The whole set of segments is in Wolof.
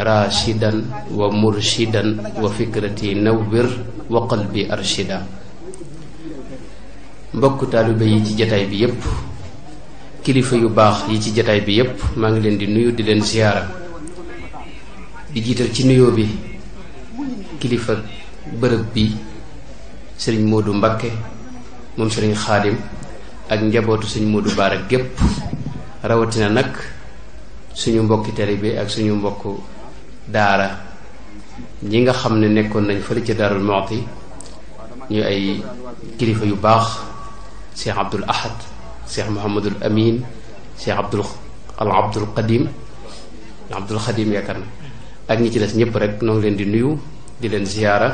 wa fikrati وفكرتي wa qalbi arshida mbokk taalibe yi ci jotaay bi yépp kilifa yu bax yi ci jotaay bi yépp ma ngi leen di nuyu di leen ziyara di jital ci nuyo bi kilifa bërëb bi serigne modou mbacke mom serigne khadim ak njabootu serigne modou barak gep rawatina nak suñu mbokk tari ak suñu mbokk daara ñi nga xam ne nekkoon nañ fële ca Daarul Muxti ñu ay kilifa yu baax Cheikh Abdul Ahad Cheikh Mouhamadul Amin Cheikh Abdul al Abdul Qadim Abdul Qadim yaakaar na ak ñi ci des ñëpp rek noo ngi leen di nuyu di leen ziyaara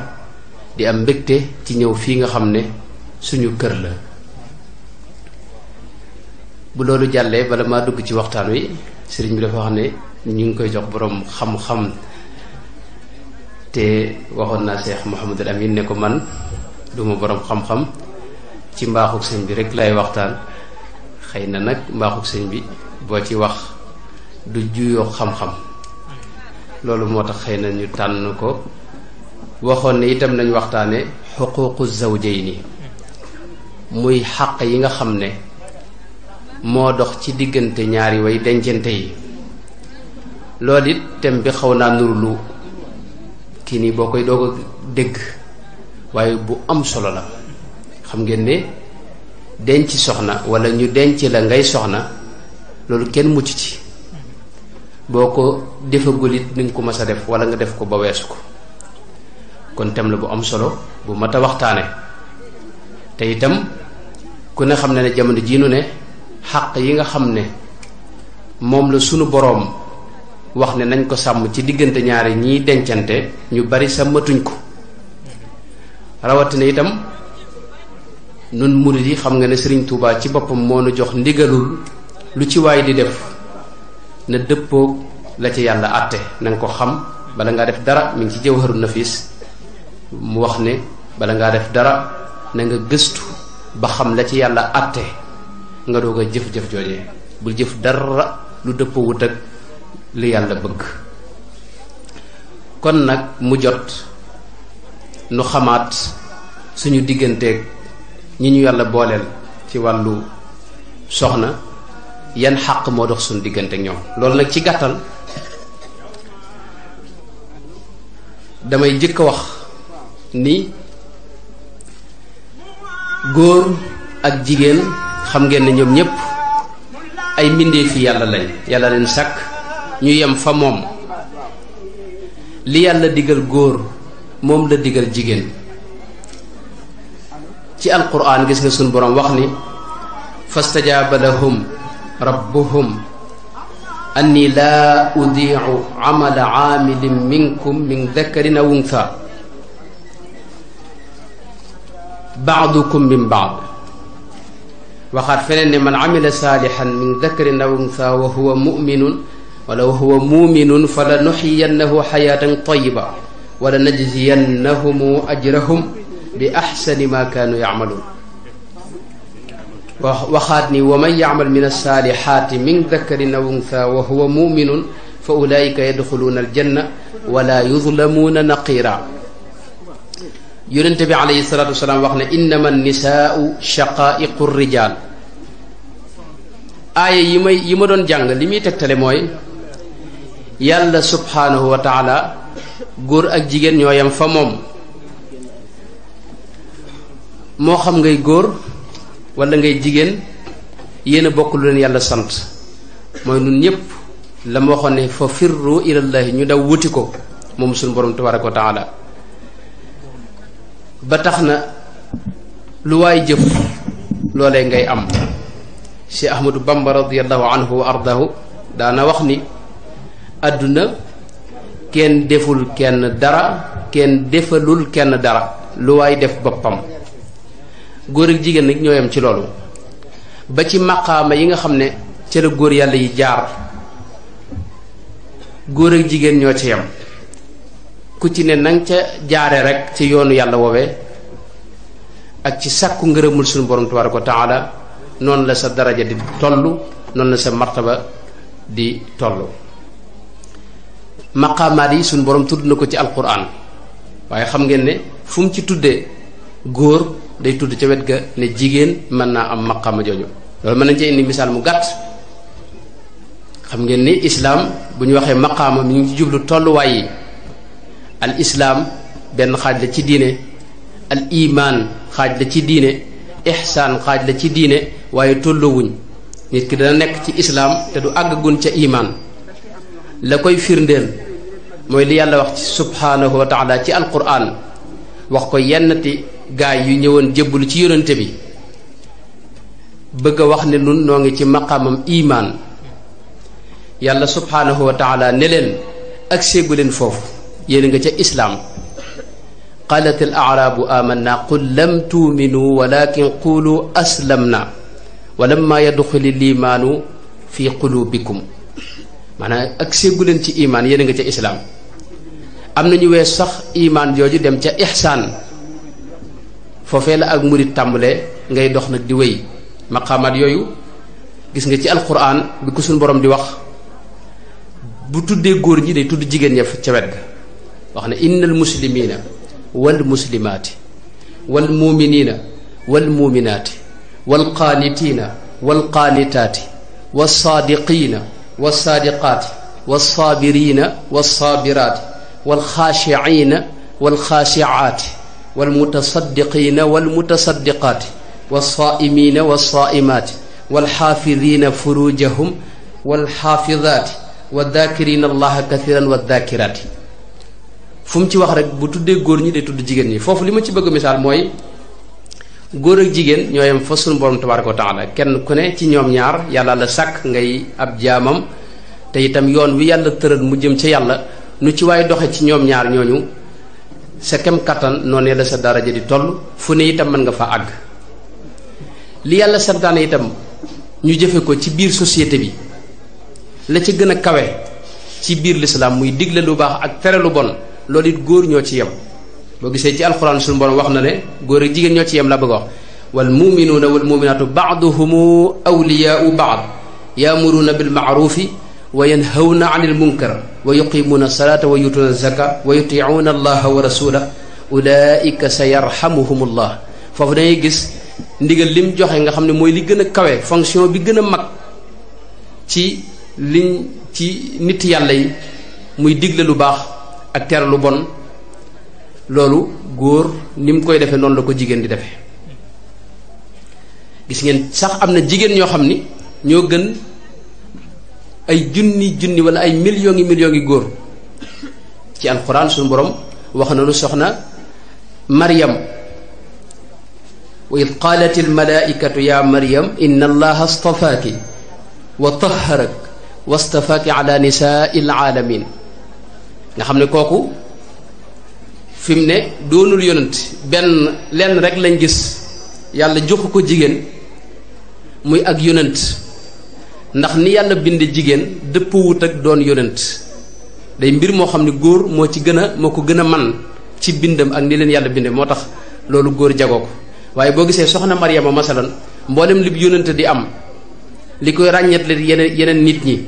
di am mbégte ci ñëw fii nga xam ne suñu kër la bu loolu jàllee bala maa dugg ci waxtaan wi sëriñ bi dafa wax ne ñu ngi koy jox boroom xam-xam te waxoon naa seex Mouhamadul Amin ne ko man duma boroom xam-xam ci mbaaxuk sëñ bi rek lay waxtaan xëy na nag mbaaxuk sëñ bi boo ci wax du juyoo xam-xam loolu moo tax xëy na ñu tànn ko waxoon ne itam nañ waxtaane xuququ ni muy xaq yi nga xam ne moo dox ci diggante ñaari way dencante yi loolu it thème bi xaw naa nuru lu kii nii boo koy doog a dégg waaye bu am solo la xam ngeen ne denc soxna walla ñu denc la ngay soxna loolu kenn mucc ci boo ko defagul it ni nga ko mas a def wala nga def ko ba weesu ko kon thème la bu am solo bu mat a waxtaane te itam ku ne xam ne ne jamono jii nu ne xaq yi nga xam ne moom la sunu boroom wax ne nañ ko sàmm ci diggante ñaari ñiy dencante ñu bari sàmmatuñ ko rawatina itam nun mu yi xam nga ne sëriñ tuubaa ci boppam moo nu jox ndigalul lu ci waay di def na dëppoog la ci yàlla àtte na nga ko xam bala ngaa def dara mi ngi ci jëw xaru nafis mu wax ne bala ngaa def dara na nga gëstu ba xam la ci yàlla àtte nga doog a jëf-jëf jooje bul jëf dara lu dëppoo wut li yàlla bëgg kon nag mu jot nu xamaat suñu digganteeg ñi ñu yàlla booleel ci wàllu soxna yan xaq moo dox suñu digganteeg ñoom loolu nag ci gàttal damay jëkk wax ni góor ak jigéen xam ngeen ne ñoom ñépp ay mbindeef yàlla lañ yàlla leen sàkk ñu yem fa moom li yàlla digal góor moom la digal jigéen ci alquran gis nga sun borom wax ni fastajaaba lahum rabbuhum anni la udiicu camala caamilin minkum min dakarin aw untha bacdukum min bacd waxaat feneen ne man camila saalixan min dakarin aw untha wa huwa muminun ولو هو مؤمن فلنحيينه حياة طيبة ولنجزينهم أجرهم بأحسن ما كانوا يعملون وخاتني ومن يعمل من الصالحات من ذكر أو أنثى وهو مؤمن فأولئك يدخلون الجنة ولا يظلمون نقيرا yonent عليه الصلاة والسلام وقنا إنما النساء شقائق الرجال آية يمدون aaya لم may yàlla subhaanahu wa taala góor ak jigéen ñoo yem fa moom moo xam ngay góor wala ngay jigéen yéen a bokk lu leen yàlla sant mooy nun ñépp la ma waxoon ne fa firru ilallahi ñu daw wuti ko moom suñu borom tabaraka wa taala ba tax na lu waay jëf loolee ngay am Cheikh Ahmadou Bamba radiallahu anhu ardahu daana wax ni àdduna kenn deful kenn dara kenn defalul kenn dara lu waay def boppam góor ak jigéen nag ñoo yem ci loolu ba ci maqaama yi nga xam ne ca la góor yàlla yi jaar góor ak jigéen ñoo ci yem ku ci ne nang ca jaare rek ci yoonu yàlla woowe ak ci sàkku ngërëmul suñu borom tabaaraka wa taala noonu la sa daraja di toll noonu la sa martaba di toll maqaamaat yi suñ borom tudd na ko ci alquran waaye xam ngeen ne fum ci tuddee góor day tudd ca wet ga ne jigéen mën naa am maqaama jooju loolu mën nañ cee indi mu gàtt xam ngeen ni islaam bu ñu waxee maqaama mi ci jublu tolluwaay yi al islaam benn xaaj la ci diine al iimaan xaaj la ci diine ihsaan xaaj la ci diine waaye tolloowuñ nit ki dana nekk ci islaam te du àggagun ca iman la koy firndeel moy li yàlla wax ci subhanahu wa taala ci alquran wax ko yennati gaay yu ñewon jébbalu ci yoonte bi bëgg wax ne nun noongi ci maqamam iman yàlla subhanahu wa taala ne len ak séegu leen foofu yéen nga ci islam قالت الأعراب آمنا قل لم تؤمنوا ولكن قولوا أسلمنا ولما يدخل الإيمان في قلوبكم معنى qulubikum maanaam ak séegu leen ci imaan am nañu wé sax iman joju dem ci ihsan fofé la ak murit tambalé ngay dox nak di wéy maqamat yoyu gis nga ci alquran bi ko sun borom di wax bu tuddé gor ñi day tudd jigen ña ci wedd waxna innal muslimina wal muslimati wal muminina wal mu'minati wal qanitina wal qanitati was sadiqina was sadiqati was sabirina was sabirati walxaashiina walxaashiaati walmutasaddiqiina walmutasaddiqaati walsaaimiina walsaaimaati walxaafidiina furujahum walxaafidaati waddaakiriina allaha kathiran waddaakiraati fu mu ci wax rek bu tuddee góor ñi day tudd jigéen ñi foofu li ma ci bëgg misaal mooy góor ak jigéen ñooyam fa sunu borom tabaaraka wa taala kenn ku ne ci ñoom ñaar yàlla la sàkk ngay ab jaamam te itam yoon wi yàlla tëral mu jëm ca yàlla nu ci way doxe ci ñom ñaar ñooñu sa kem katan noné la sa daraja di toll fu ne itam man nga fa ag li yàlla santaane itam ñu jëfe ko ci biir société bi la ci gëna kawe ci biir l'islam muy digle lu baax ak tere lu bon loolu it góor ñoo ci yam bo gisé ci alcorane sun borom wax na ne góor ak jigen ñoo ci yam la bëgg wax wal mu'minuna wal muminaatu baaduhumu awliyaau baad yaamuruuna bilmaarufi wa yanhawna anil munkar ويقيمون الصلاة ويؤتون الزكاة ويطيعون الله ورسوله أولئك سيرحمهم الله foofu dañuy gis ndigal lim joxe nga xam ne mooy li gën a kawe fonction bi gën a mag ci liñ ci nit yàlla yi muy digle lu baax ak tere lu bon loolu góor ni mu koy defee noonu la ko jigéen di defee gis ngeen sax am na jigéen ñoo xam ni ñoo gën ay junni junni wala ay millions yi millions yi góor ci alquran suñu borom wax na lu soxna maryam wa id qaalat almalaikatu ya maryam inna allaha astafaaki wa taharak wa astafaaki ala nisaai alaalamin nga xam ne kooku fi ne doonul yonent benn lenn rek lañ gis yàlla joxu ko jigéen muy ak yonent ndax ni yàlla bind jigéen dëpp wut ak doon yonent day mbir moo xam ne góor moo ci gën a moo ko gën a man ci bindam ak ni leen yàlla binde moo tax loolu góor jagoo ko waaye boo gisee soxna mariama masalan mboolem lib yonent di am li koy ràññet leen yeneen yeneen nit ñi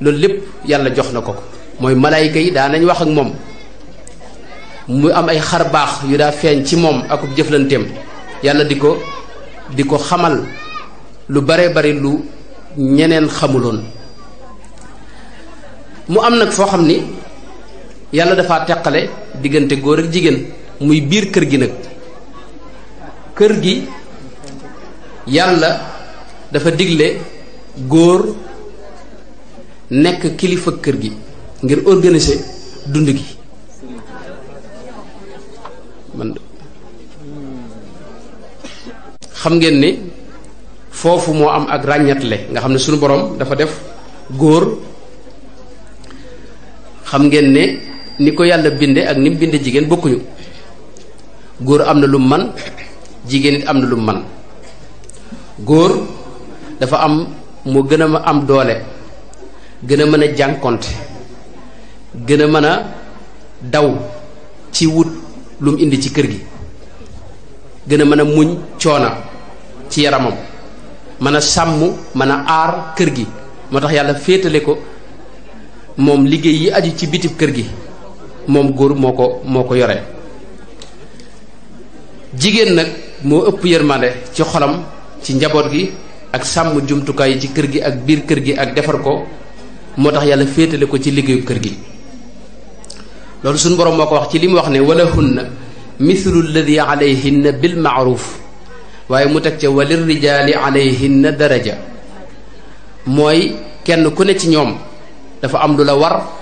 loolu lépp yàlla jox na ko ko mooy malaayika yi daa nañ wax ak moom mu am ay xar baax yu daa feeñ ci moom ak jëflanteem yàlla di ko di xamal lu bare bare lu ñeneen xamuloon mu am nag foo xam ni yàlla dafa teqale diggante góor ak jigéen muy biir kër gi nag kër gi yàlla dafa digle góor nekk kilifa kër gi ngir organiser dund gi man xam ngeen ni foofu moo am ak ràññatle nga xam ne sunu borom dafa def góor xam ngeen ne ni ko yàlla bindee ak ni bindee jigéen bokkuñu góor am na lu man jigéen it am na lu man góor dafa am moo gën a ma am doole gën a mën a jànkonte gën a mën a daw ci wut lu indi ci kër gi gën a mën a muñ coona ci yaramam mana samu mana ar a aar kër gi moo tax yàlla féetale ko moom liggéey yi aju ci bitib kër gi moom góor moo ko moo ko yore jigéen nag moo ëpp yërmande ci xolam ci gi ak sàmm jumtukaay yi ci kër gi ak bir kër gi ak defar ko moo yàlla féetale ko ci liggéeyu kër gi loolu suñu borom moo wax ci wax ne wala hunna mithlu bil waye mu tek ci walir rijaali alayhinna daraja moy kenn ku ne ci ñom dafa am lu la war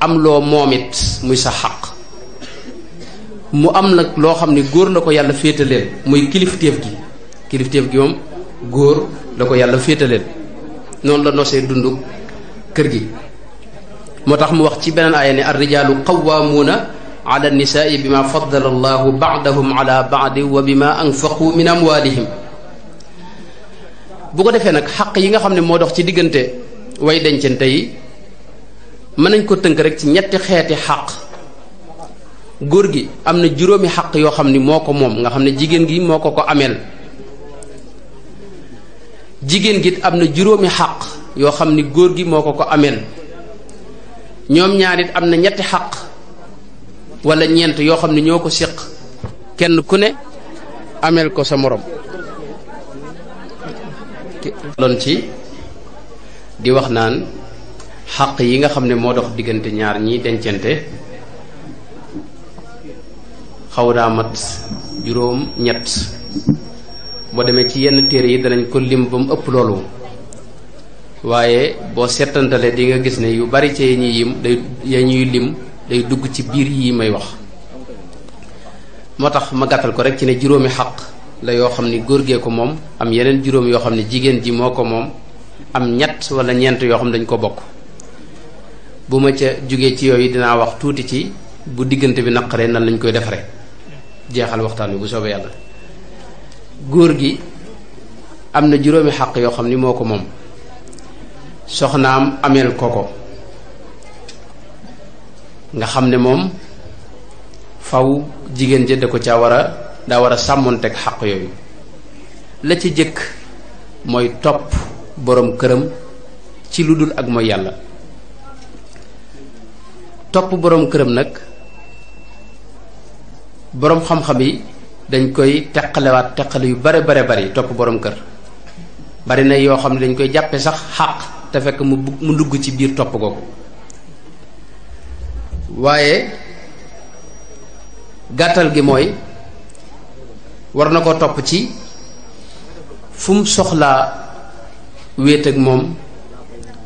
am lo momit muy sa haq mu am nak lo xamni góor nako ko yàlla féetaleel muy kilifteef gi kilifteef gi mom góor lako yàlla féetaleel non la nosé dund kër gi motax mu wax ci benen aaya ne ar rijalu qawwamuna على النساء بما فضل الله بعضهم على بعد وبما انفقوا من اموالهم بوكو ديفه نك حق ييغا خامني مو دوخ سي ديغنتي واي دنجنتي من نانكو تنك ريك سي نياتي خيتي حق غورغي امنا جيرومي حق يو خامني موكو موم غا خامني جيجين غي موكو كو امل جيجين غيت امنا جيرومي حق يو خامني غورغي موكو كو امل نيوم نياريت امنا نياتي حق wala ñeent yoo xam ne ñoo ko séq kenn ku ne ameel ko sa moroom loon ci di wax naan xaq yi nga xam ne moo dox diggante ñaar ñi dencante xaw daa mat juróom ñett boo demee ci yenn téere yi danañ ko lim ba mu ëpp loolu waaye boo seetantale di nga gis ne yu bari ci yi yim day ya lim day dugg ci biir yi may wax moo tax ma gàttal ko rek ci ne juróomi xaq la yoo xam ni góor gee ko moom am yeneen juróom yoo xam ne jigéen ji moo ko moom am ñett wala ñeent yoo xam ne dañ ko bokk bu ma ca jógee ci yooyu dinaa wax tuuti ci bu diggante bi naqaree nan lañ koy defaree jeexal waxtaan wi bu soobee yàlla góor gi am na juróomi xaq yoo xam ni moo ko moom soxnaam ameel ko ko nga xam ne moom faw jigéen ja da ko caa war a daa war a sàmmoonteeg xaq yooyu la ci jëkk mooy topp boroom këram ci lu dul ak mooy yàlla topp boroom këram nag boroom xam-xam yi dañ koy teqalewaat teqale yu bare bare bari topp boroom kër bari na yoo xam ne dañ koy jàppe sax xaq te fekk mu mu dugg ci biir topp ko waaye gàttal gi mooy war na ko topp ci fum soxlaa wéet ak moom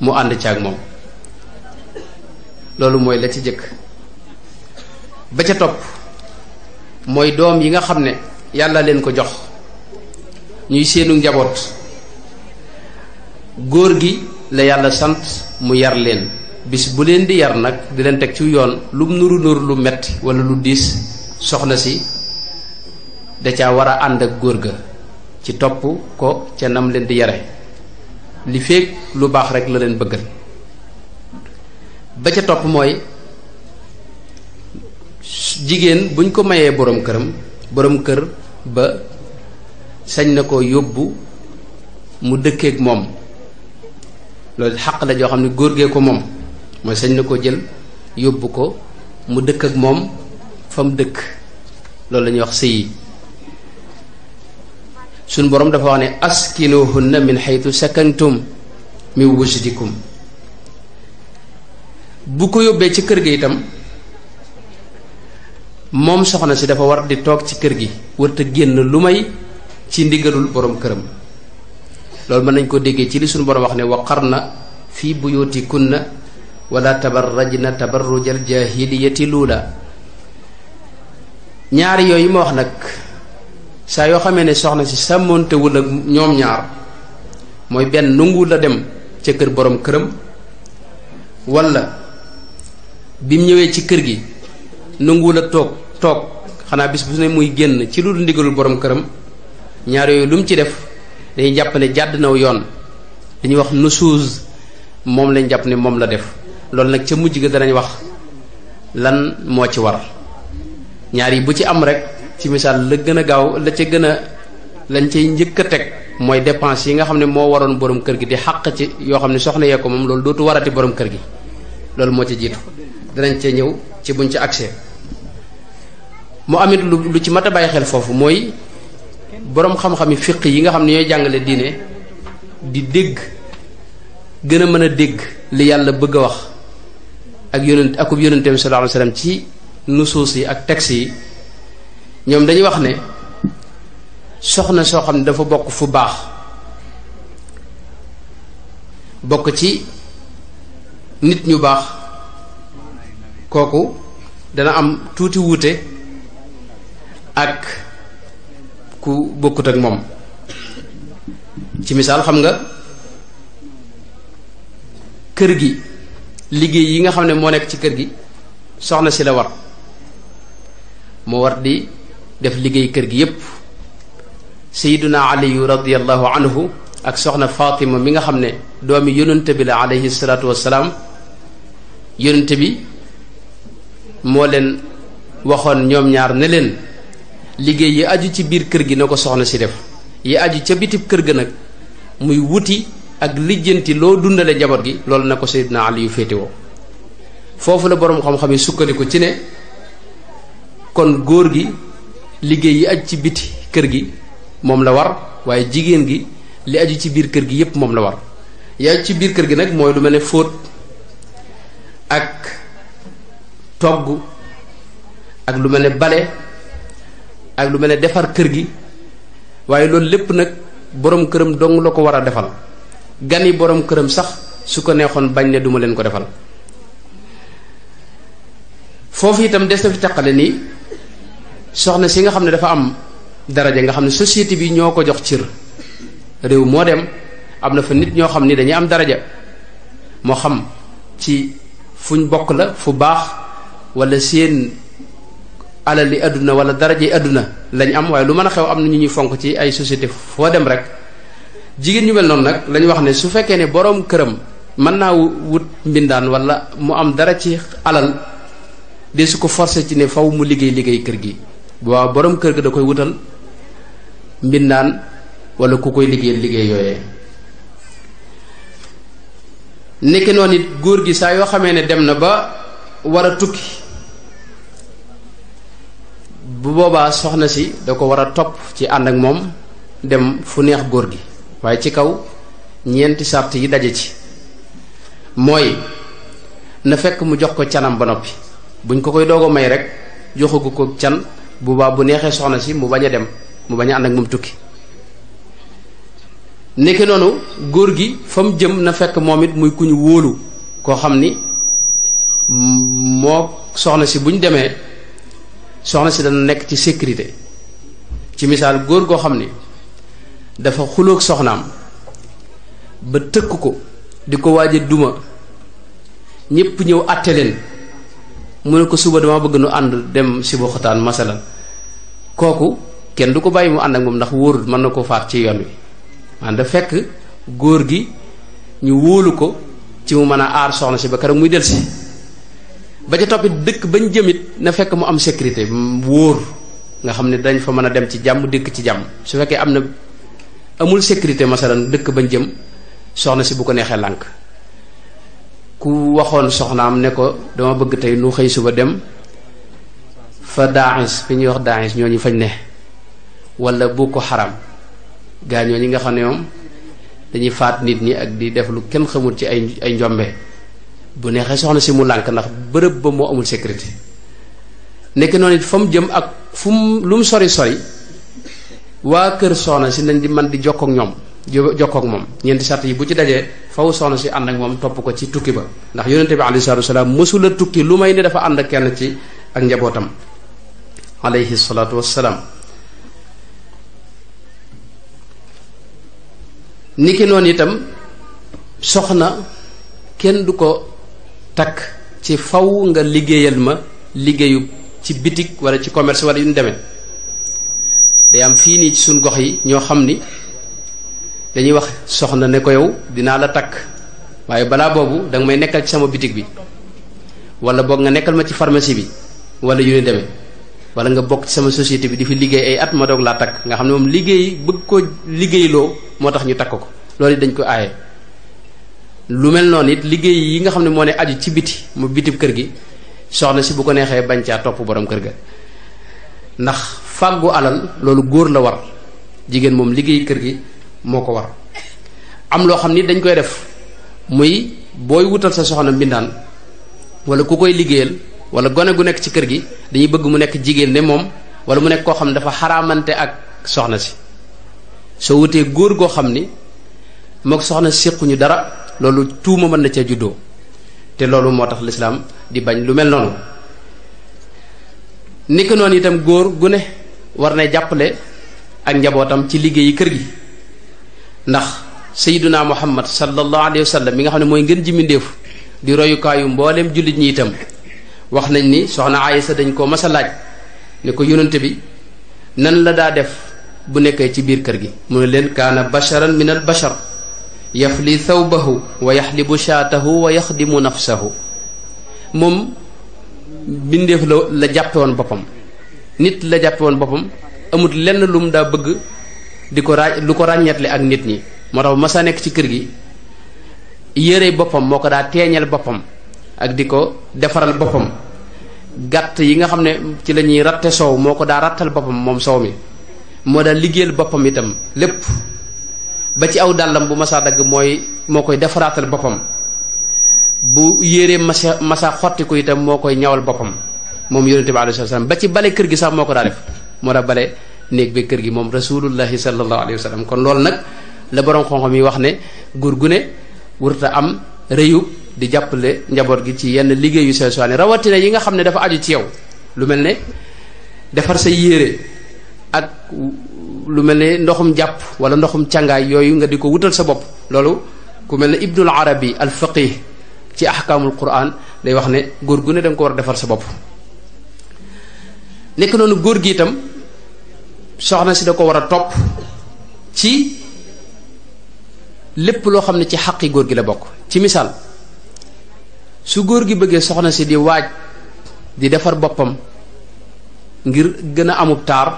mu ànd caag moom loolu mooy la ci jëkk ba ca topp mooy doom yi nga xam ne yàlla leen ko jox ñuy seenu njaboot góor gi la yàlla sant mu yar leen bis bu leen di yar nag di leen teg ci yoon lum nuru nuru lu metti wala lu diis soxna si da caa war a ak góor ci topp ko ca nam leen di yare li feeg lu baax rek la leen bëggal ba ca topp mooy jigéen buñ ko mayee borom këram borom kër ba sañ na ko yóbbu mu dëkkeeg moom loolu xaq la joo xam ne ko moom mooy sañ na ko jël yóbbu ko mu dëkk ak moom fa dëkk loolu la wax sëyi suñ boroom dafa wax ne askinuhunna min xaytu sakantum min wujdikum bu ko yóbbee ci kër gi itam moom soxna si dafa war di toog ci kër gi warta génn lu may ci ndigalul boroom këram loolu mën nañ ko déggee ci li sunu borom wax ne na fii bu buyutikunna wala tabarrajna tabarrujal jahiliyati luula ñaar yooyu ma wax nag saa yoo xamee ne soxna si sàmmoontewul ak ñoom ñaar mooy benn nungu la dem ca kër boroom këram wala bi mu ñëwee ci kër gi nungu la toog toog xanaa bis bu ne muy génn ci lu dul ndigalul boroom këram ñaar yooyu lu mu ci def dañuy jàpp ne jàdd naw yoon dañuy wax nusuuz moom lañ jàpp ne moom la def lol nag ca mujj ga danañ wax lan moo ci war ñaar yi bu ci am rek ci misaal la gën a gaaw la ca gën a lañ cay njëkk a teg mooy dépense yi nga xam ne moo waroon borom kër gi di xàq ci yoo xam ne soxna yee ko moom loolu dootu warati borom kër gi loolu moo ci jiitu danañ ca ñëw ci buñ ci accès mu amit lu lu ci mata bàyyi xel foofu mooy borom xam-xami fiq yi nga xam ne ñooy jàngale di dégg gën a mën a dégg li yàlla bëgg wax ak yonent akub yonente bi sallallahu alayhi wasallam ci nusuus yi ak texte yi ñoom dañuy wax ne soxna soo xam ne dafa bokk fu baax bokk ci nit ñu baax kooku dana am tuuti wuute ak ku bokkut ak moom ci misaal xam nga kër gi liggéey yi nga xam ne moo nekk ci kër gi soxna si la war moo war di def liggéey kër gi yépp sayiduna aliyu radiallahu anhu ak soxna fatima mi nga xam ne doomi yonente bi la alayhi salatu wasalaam yonente bi moo leen waxoon ñoom ñaar ne leen liggéey yi aju ci biir kër gi na ko soxna si def yi aju ca bitib kër ga nag muy wuti ak lijjanti loo dundale njaboot gi loolu na ko Seydina Ali yu féetewoo foofu la boroom xam-xam yi sukkandiku ci ne kon góor gi liggéey yi aju ci biti kër gi moom la waaye jigéen gi li aju ci biir kër gi yépp moom la war yi aju ci biir kër gi nag mooy lu mel ne fóot ak togg ak lu mel ne bale ak lu mel ne defar kër gi waaye loolu lépp nag boroom këram dong la ko war a defal gani borom këram sax su ko neexoon bañ ne duma leen ko defal foofu itam des na fi taqale nii soxna si nga xam ne dafa am daraja nga xam ne société bi ñoo ko jox cir réew moo dem am na fa nit ñoo xam ni dañuy am daraja moo xam ci fuñ bokk la fu baax wala seen alal li àdduna wala daraja yi àdduna lañ am waaye lu mën a xew am na ñu ñuy fonk ci ay société foo dem rek jigen ñu mel non nak lañ wax ne su fekke ne borom kërëm man na wut mbindan wala mu am dara ci alal de su ko forcer ci ne faaw mu liggey liggey kër gi bo borom kër ga da koy wutal mbindan wala ku koy liggey liggey yoyé Nek non nit goor gi sa yo xamé ne dem na ba wara tukki bu boba soxna ci da ko wara top ci and ak mom dem fu neex goor gi waaye ci kaw ñeenti sart yi daje ci mooy na fekk mu jox ko canam ba noppi buñ ko koy doog a may rek joxagu ko can bu baa bu neexee soxna si mu bañ a dem mu bañ a ànd ak moom tukki nekk noonu góor gi fa jëm na fekk moom it muy ku ñu wóolu koo xam ni moo soxna si buñ demee soxna si dana nekk ci sécurité ci misaal góor goo xam ni dafa khuluk soxnaam ba tëkk ko di ko waaje duma ñépp ñëw atelen leen mu ne ko suba dama bëgg nu ànd dem si boxotaan masalan kooku kenn du ko mu ànd ak moom ndax wóorul mën na ko faat ci yoon wi man da fekk góor gi ñu wóolu ko ci mu mën a soxna si ba muy del si ba ca toppit dëkk bañ jëmit na fekk mu am sécurité wóor nga xam ne dañ fa mën dem ci jàmm dëkk ci jàmm su fekkee am amul sécurité masalan dëkk bañ jëm soxna si bu ko neexee lànk ku waxoon soxnaam ne ko dama bëgg tey nu xëy suba dem fa daais fi ñuy wax ñoo ñooñu fañ ne wala bu ko xaram gaa ñooñu nga xam ne moom dañuy faat nit ñi ak di def lu kenn xamul ci ay ay njombe bu neexee soxna si mu lànk ndax bërëb ba moo amul sécurité nekk noonu it fa jëm ak fu lum sori sori waa kër soxna si nañ di man di jokkook ñoom jokkook moom ñeenti sart yi bu ci dajee faw soxna si ànd ak moom topp ko ci tukki ba ndax yonente bi alayhi salatu wasalaam mësula tukki lu may ne dafa ànd ak kenn ci ak njabootam alayhi salatu wasalaam niki noonu itam soxna kenn du ko takk ci faw nga liggéeyal ma liggéeyu ci bitig wala ci commerce wala yu ñu deme day am fii nii ci suñ gox yi ñoo xam ni dañuy wax soxna ne ko yow dinaa la takk waaye balaa boobu danga may nekkal ci sama bitig bi wala boog nga nekkal ma ci pharmacie bi wala yu ne demee wala nga bokk ci sama société bi di fi liggéey ay at ma doog laa takk nga xam ne moom liggéey bëgg ko liggéeyloo moo tax ñu takk ko loolu dañ ko aaye lu mel noonu it liggéey yi nga xam ne moo ne aju ci biti mu bitib kër gi soxna si bu ko neexee bañ caa topp borom kër ga fàggu alal loolu góor la war jigéen moom liggéey kër gi moo ko war am loo xam ni dañ koy def muy booy wutal sa soxna mbindaan wala ku koy liggéeyal wala gone gu nekk ci kër gi dañuy bëgg mu nekk jigéen de moom wala mu nekk koo xam ne dafa xaraamante ak soxna si soo wutee góor goo xam ni mook soxna séquñu dara loolu tuuma mën na ca juddoo te loolu moo tax lislaam di bañ lu mel noonu niki noonu itam góor gu ne war na jàppale ak njabootam ci liggéeyi kër gi ndax sayyiduna muhammad sallallahu alayhi wa sallam mi nga xam ne mooy ngën ji mindeef di royukaayu mbooleem jullit ñi itam wax nañ ni soxna Aysa dañ koo mas laaj ne ko yonent bi nan la daa def bu nekkee ci biir kër gi mu ne leen kaana basharan min al bashar yafli thawbahu wa yaxlibu shaatahu wa yaxdimu nafsahu moom bindeef la la jàppe woon boppam nit la jàppe boppam amut lenn lum daa bëgg di ko raaj ko ràññeetle ak nit ñi moo tax masa nekk ci kër gi yére boppam moo ko daa teeñal boppam ak di ko defaral boppam gàtt yi nga xam ne ci lañuy ñuy ratte soow moo ko daa rattal boppam moom soow mi moo daa liggéeyal boppam itam lépp ba ci aw dàllam bu masaa dagg mooy moo koy defaraatal boppam bu yére masa masa xotti ko itam moo koy ñawal boppam moom yonente bi alayhi salaam ba ci bale kër gi sax moo ko daa def moo daa bale néeg bi kër gi moom rasulullahi sallallahu alayhi wa sallam kon loolu nag la borom xam-xam yi wax ne góor gu ne am rëyu di jàppale njaboot gi ci yenn liggéey yu rawatina yi xam ne dafa aju ci yow lu mel ne defar sa yére ak lu mel ne ndoxum jàpp wala ndoxum càngaay yooyu nga di ko wutal sa bopp loolu ku mel ne ibnul arabi al faqih ci ahkaamul quran day wax ne góor gu ne da ko war a defar sa bopp Nek nonu gor gi tam soxna si da ko war ci lepp lo xamne ci haqi gor gi la bok ci misal su gor gi soxna si di waj di defar bopam ngir gëna a tar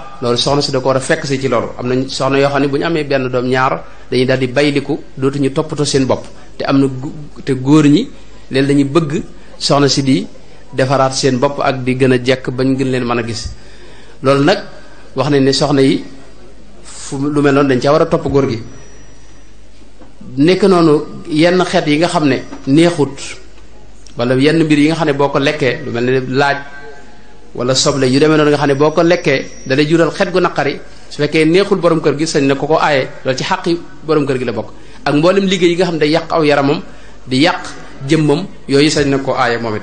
soxna si da ko fekk si ci loolu amna soxna yo xam buñ amé benn dom ñaar dañuy daldi di bayliku ñu topato seen bop te amna te gor ñi leen dañuy bëgg soxna si di defaraat seen bopp ak di gën a jekk bañ gën leen mën a gis loolu nag wax nañ ne soxna yi fu lu mel noonu dañ ca war a topp góor gi nekk noonu yenn xeet yi nga xam ne neexut wala yenn mbir yi nga xam ne boo ko lekkee lu mel ne laaj wala soble yu demee noonu nga xam ne boo ko lekkee da lay jural xet gu naqari su fekkee neexul borom kër gi sañ na ko ko aaye loolu ci xàqi borom kër gi la bokk ak mboolem liggéey yi nga xam ne day yàq aw yaramam di yàq jëmmam yooyu sañ na ko aaye moom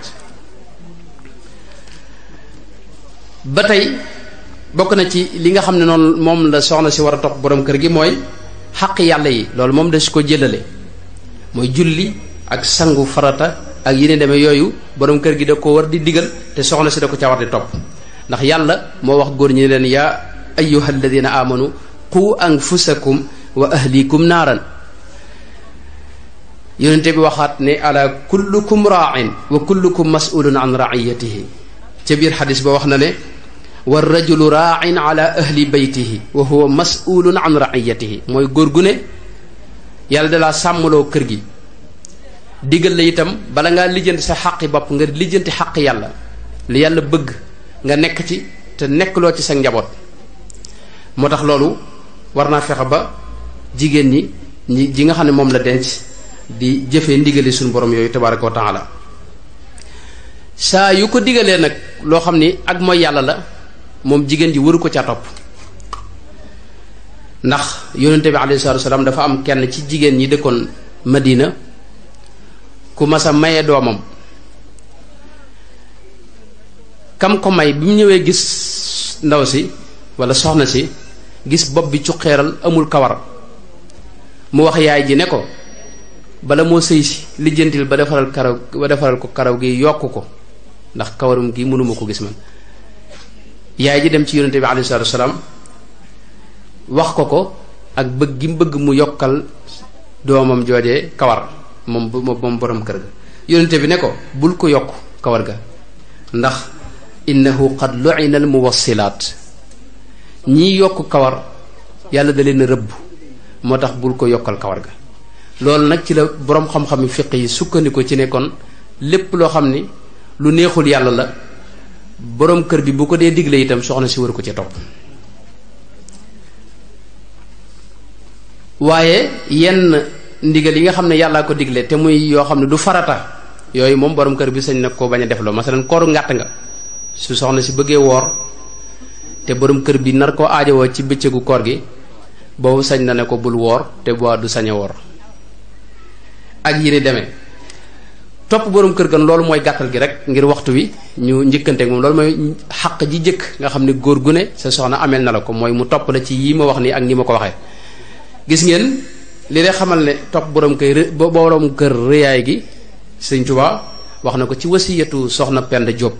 ba tey bokk na ci li nga xam ne noonu moom la soxna si war a topp boroom kër gi mooy xaq yàlla yi loolu moom da ko jëlale mooy julli ak sangu farata ak yeneen demee yooyu borom kër gi da ko war di digal te soxna si da ko ca war di topp ndax yàlla moo wax góor ñi leen yaa ayyuha alladina amanu qu anfusakum wa ahlikum naaran yonente bi waxaat ne ala kullukum raain wa kullukum masulun an raiyatihi ca biir xadis ba wax na ne wa rajulu raain ala ahli baytihi na huwa masulun an raiyatihi mooy góor gu ne yàlla laa sàmmaloo kër gi digal la itam bala ngaa lijjanti sa xaqi bopp nga lijjanti xaq yàlla li yàlla bëgg nga nekk ci te nekkloo ci sa njaboot moo tax loolu war naa fexe ba jigéen ñi ñi ji nga xam ne moom la denc di jëfee ndigali suñu borom yooyu tabaraka wa taala saa yu ko digalee nag loo xam ni ak mooy yàlla la moom jigéen ji waru ko ca topp ndax yonente bi alayhi salaatu dafa am kenn ci jigéen ñi dëkkoon Madina ku masa maye doomam kam ko may bi mu ñëwee gis ndaw si wala soxna si gis bopp bi cuqeeral amul kawar mu wax yaay ji ne ko bala moo sëy si lijjantil ba defaral karaw ba defaral ko karaw gi yokk ko ndax kawarum gi mënuma ko gis man yaay ji dem ci yonente bi alayhi salatu wasalaam wax ko ko ak bëgg gi mu bëgg mu yokkal doomam jooje kawar moom moom borom kër ga yonente bi ne ko bul ko yokk kawar ga ndax innahu qad mu wax silaat ñi yokk kawar yàlla da leen rëbb moo tax bul ko yokkal kawar ga loolu nag ci la borom xam-xam fiq yi sukkandiku ci ne kon lépp loo xam ni lu neexul yàlla la borom kër bi bu ko dee digle itam soxna si wër ko ci topp waaye yenn ndigal yi nga xam ne yàllaa ko digle te muy yoo xam ne du farata yooyu moom borom kër bi sañ na ko bañ a defloo masalan koru ngàtt nga su soxna si bëggee woor te borom kër bi nar ko aajowoo ci bëccëgu koor gi boobu sañ na ne ko bul woor te boo du sañ a woor ak yi ni topp borom kër gan loolu mooy gàttal gi rek ngir waxtu wi ñu njëkkanteeg moom loolu mooy xaq ji jëkk nga xam ne góor gu ne sa soxna ameel na la ko mooy mu topp la ci yi ma wax nii ak ni ma ko waxee. gis ngeen li lay xamal ne topp borom kër borom kër rëyaay gi sëñ Tuba wax na ko ci wasiyatu soxna pend Diop.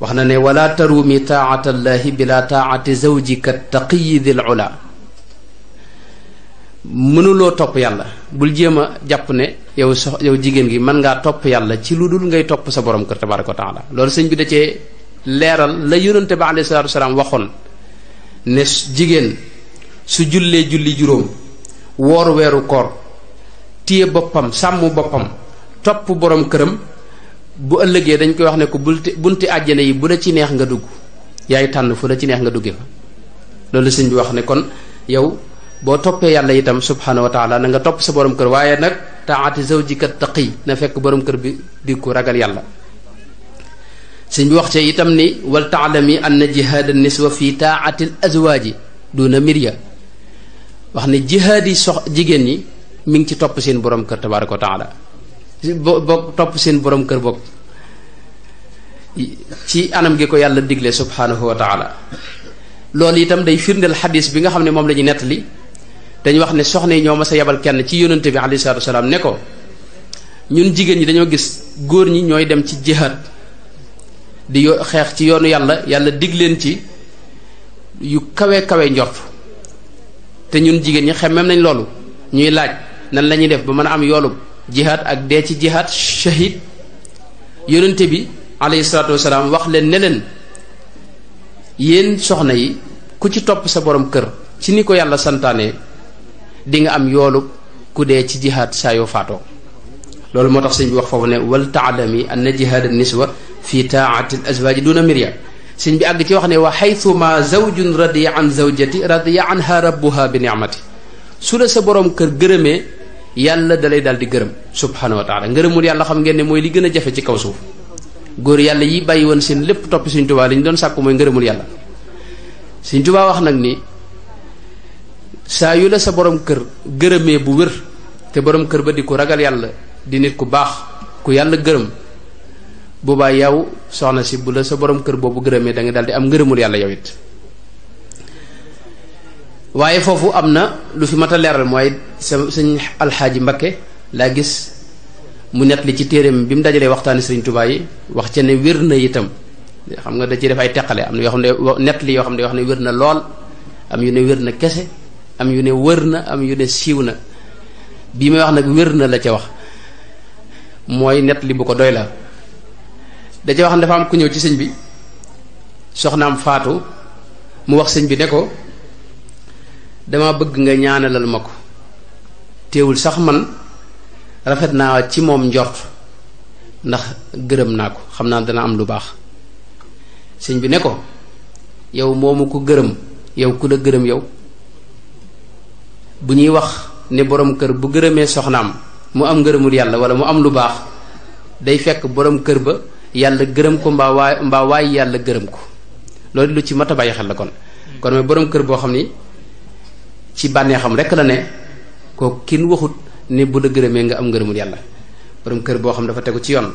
wax na ne wala tarumi taatallahi bila taati zawjika taqiyi dil ula mënuloo topp yàlla bul jéem a jàpp ne yow sox yow jigéen gi mën ngaa topp yàlla ci lu dul ngay topp sa boroom kër tabaraka wa taala loolu sëñ bi da leeral la yonante ba alayhi salaatu wasalaam waxoon ne jigéen su jullee julli juróom woor weeru koor téye boppam sàmm boppam topp borom këram bu ëllëgee dañ koy wax ne ko bunti bunti yi bu la neex nga dugg yaay tànn fu la ci neex nga dugge loolu sëñ bi wax ne kon yow boo toppee yàlla itam subhanahu wa taala nga topp sa borom kër waaye nag taati zawjika taqi na fekk borom kër bi di ko ragal yàlla sëñ bi wax ci itam ni wal taalami anna jihaada niswa fi taatil azwaaji duna mirya wax ne jihaad yi jigéen ñi mi ngi ci topp seen borom kër tabaraka wa taala bo topp seen borom kër bopp ci anam gi ko yàlla digle subhanahu wa taala loolu itam day firndeel xadis bi nga xam ne moom lañuy nett li dañ wax ne soxna yi ñoo mas yebal kenn ci yonante bi alayhi salaatu ne ko ñun jigéen ñi dañoo gis góor ñi ñooy dem ci jihaad di xeex ci yoonu yàlla yàlla dig leen ci yu kawe kawe njort te ñun jigéen ñi xemmem nañ loolu ñuy laaj nan lañuy def ba mën a am yoolub jihaad ak dee ci jihaad shahid yonente bi alayhi salaatu wasalaam wax leen ne leen yéen soxna yi ku ci topp sa borom kër ci ni ko yàlla santaane di nga am yoolu ku dee ci jihaad saa yoo faatoo loolu moo tax sëñ bi wax foofu ne wal taalami anna jihaad niswa fi taati l azwaaji duna miria sëñ bi àgg ci wax ne wa xaytuma zawjun radiya an zawjati radiya anha rabbuha bi nicmati su la sa boroom kër gërëmee yàlla dalay daal di gërëm subhanahu wa taala ngërëmul yàlla xam ngeen ne mooy li gën a jafe ci kaw suuf góor yàlla yi bàyyi woon seen lépp topp Sëñ Tuubaa li ñu doon sàkku mooy ngërëmul yàlla Sëñ Tuubaa sa yu la sa borom kër gërëmee bu wér te borom kër ba di ku ragal yàlla di nit ku baax ku yàlla gërëm ba yow soxna si bu la sa borom kër boobu gërëmee da nga daldi am ngërëmul yàlla yow it waaye foofu am na lu fi mata a leeral mooy al sëñ alxaaji mbakke laa gis mu net li ci téeréem bi mu dajalee waxtaani sëriñ yi wax ca ne wér na itam xam nga da ci def ay teqale am na xam ne net li yoo xam ne wax ne wér na am yu ne wér na kese am yu ne wër na am yu ne siiw na bii may wax nag wér na la ca wax mooy nett li bu ko doy la da ca wax ne dafa am ku ñëw ci sëñ bi soxnaam faatu mu wax sëñ bi ne ko dama bëgg nga ñaanalal ma ko téewul sax man rafet naa ci moom njort ndax gërëm naa ko xam naa dana am lu baax sëñ bi ne ko yow moomu ko gërëm yow ku la gërëm yow bu ñuy wax ne borom kër bu gërëmee soxnaam mu am ngërëmul yàlla wala mu am lu baax day fekk borom kër ba yàlla gërëm ko mbaa waay mbaa waay yàlla gërëm ko loolu lu ci mat a xel la kon kon mooy borom kër boo xam ni ci bànneexam rek la ne kooku kin waxut ne bu la gërëmee nga am ngërëmul yàlla borom kër boo xam dafa tegu ci yoon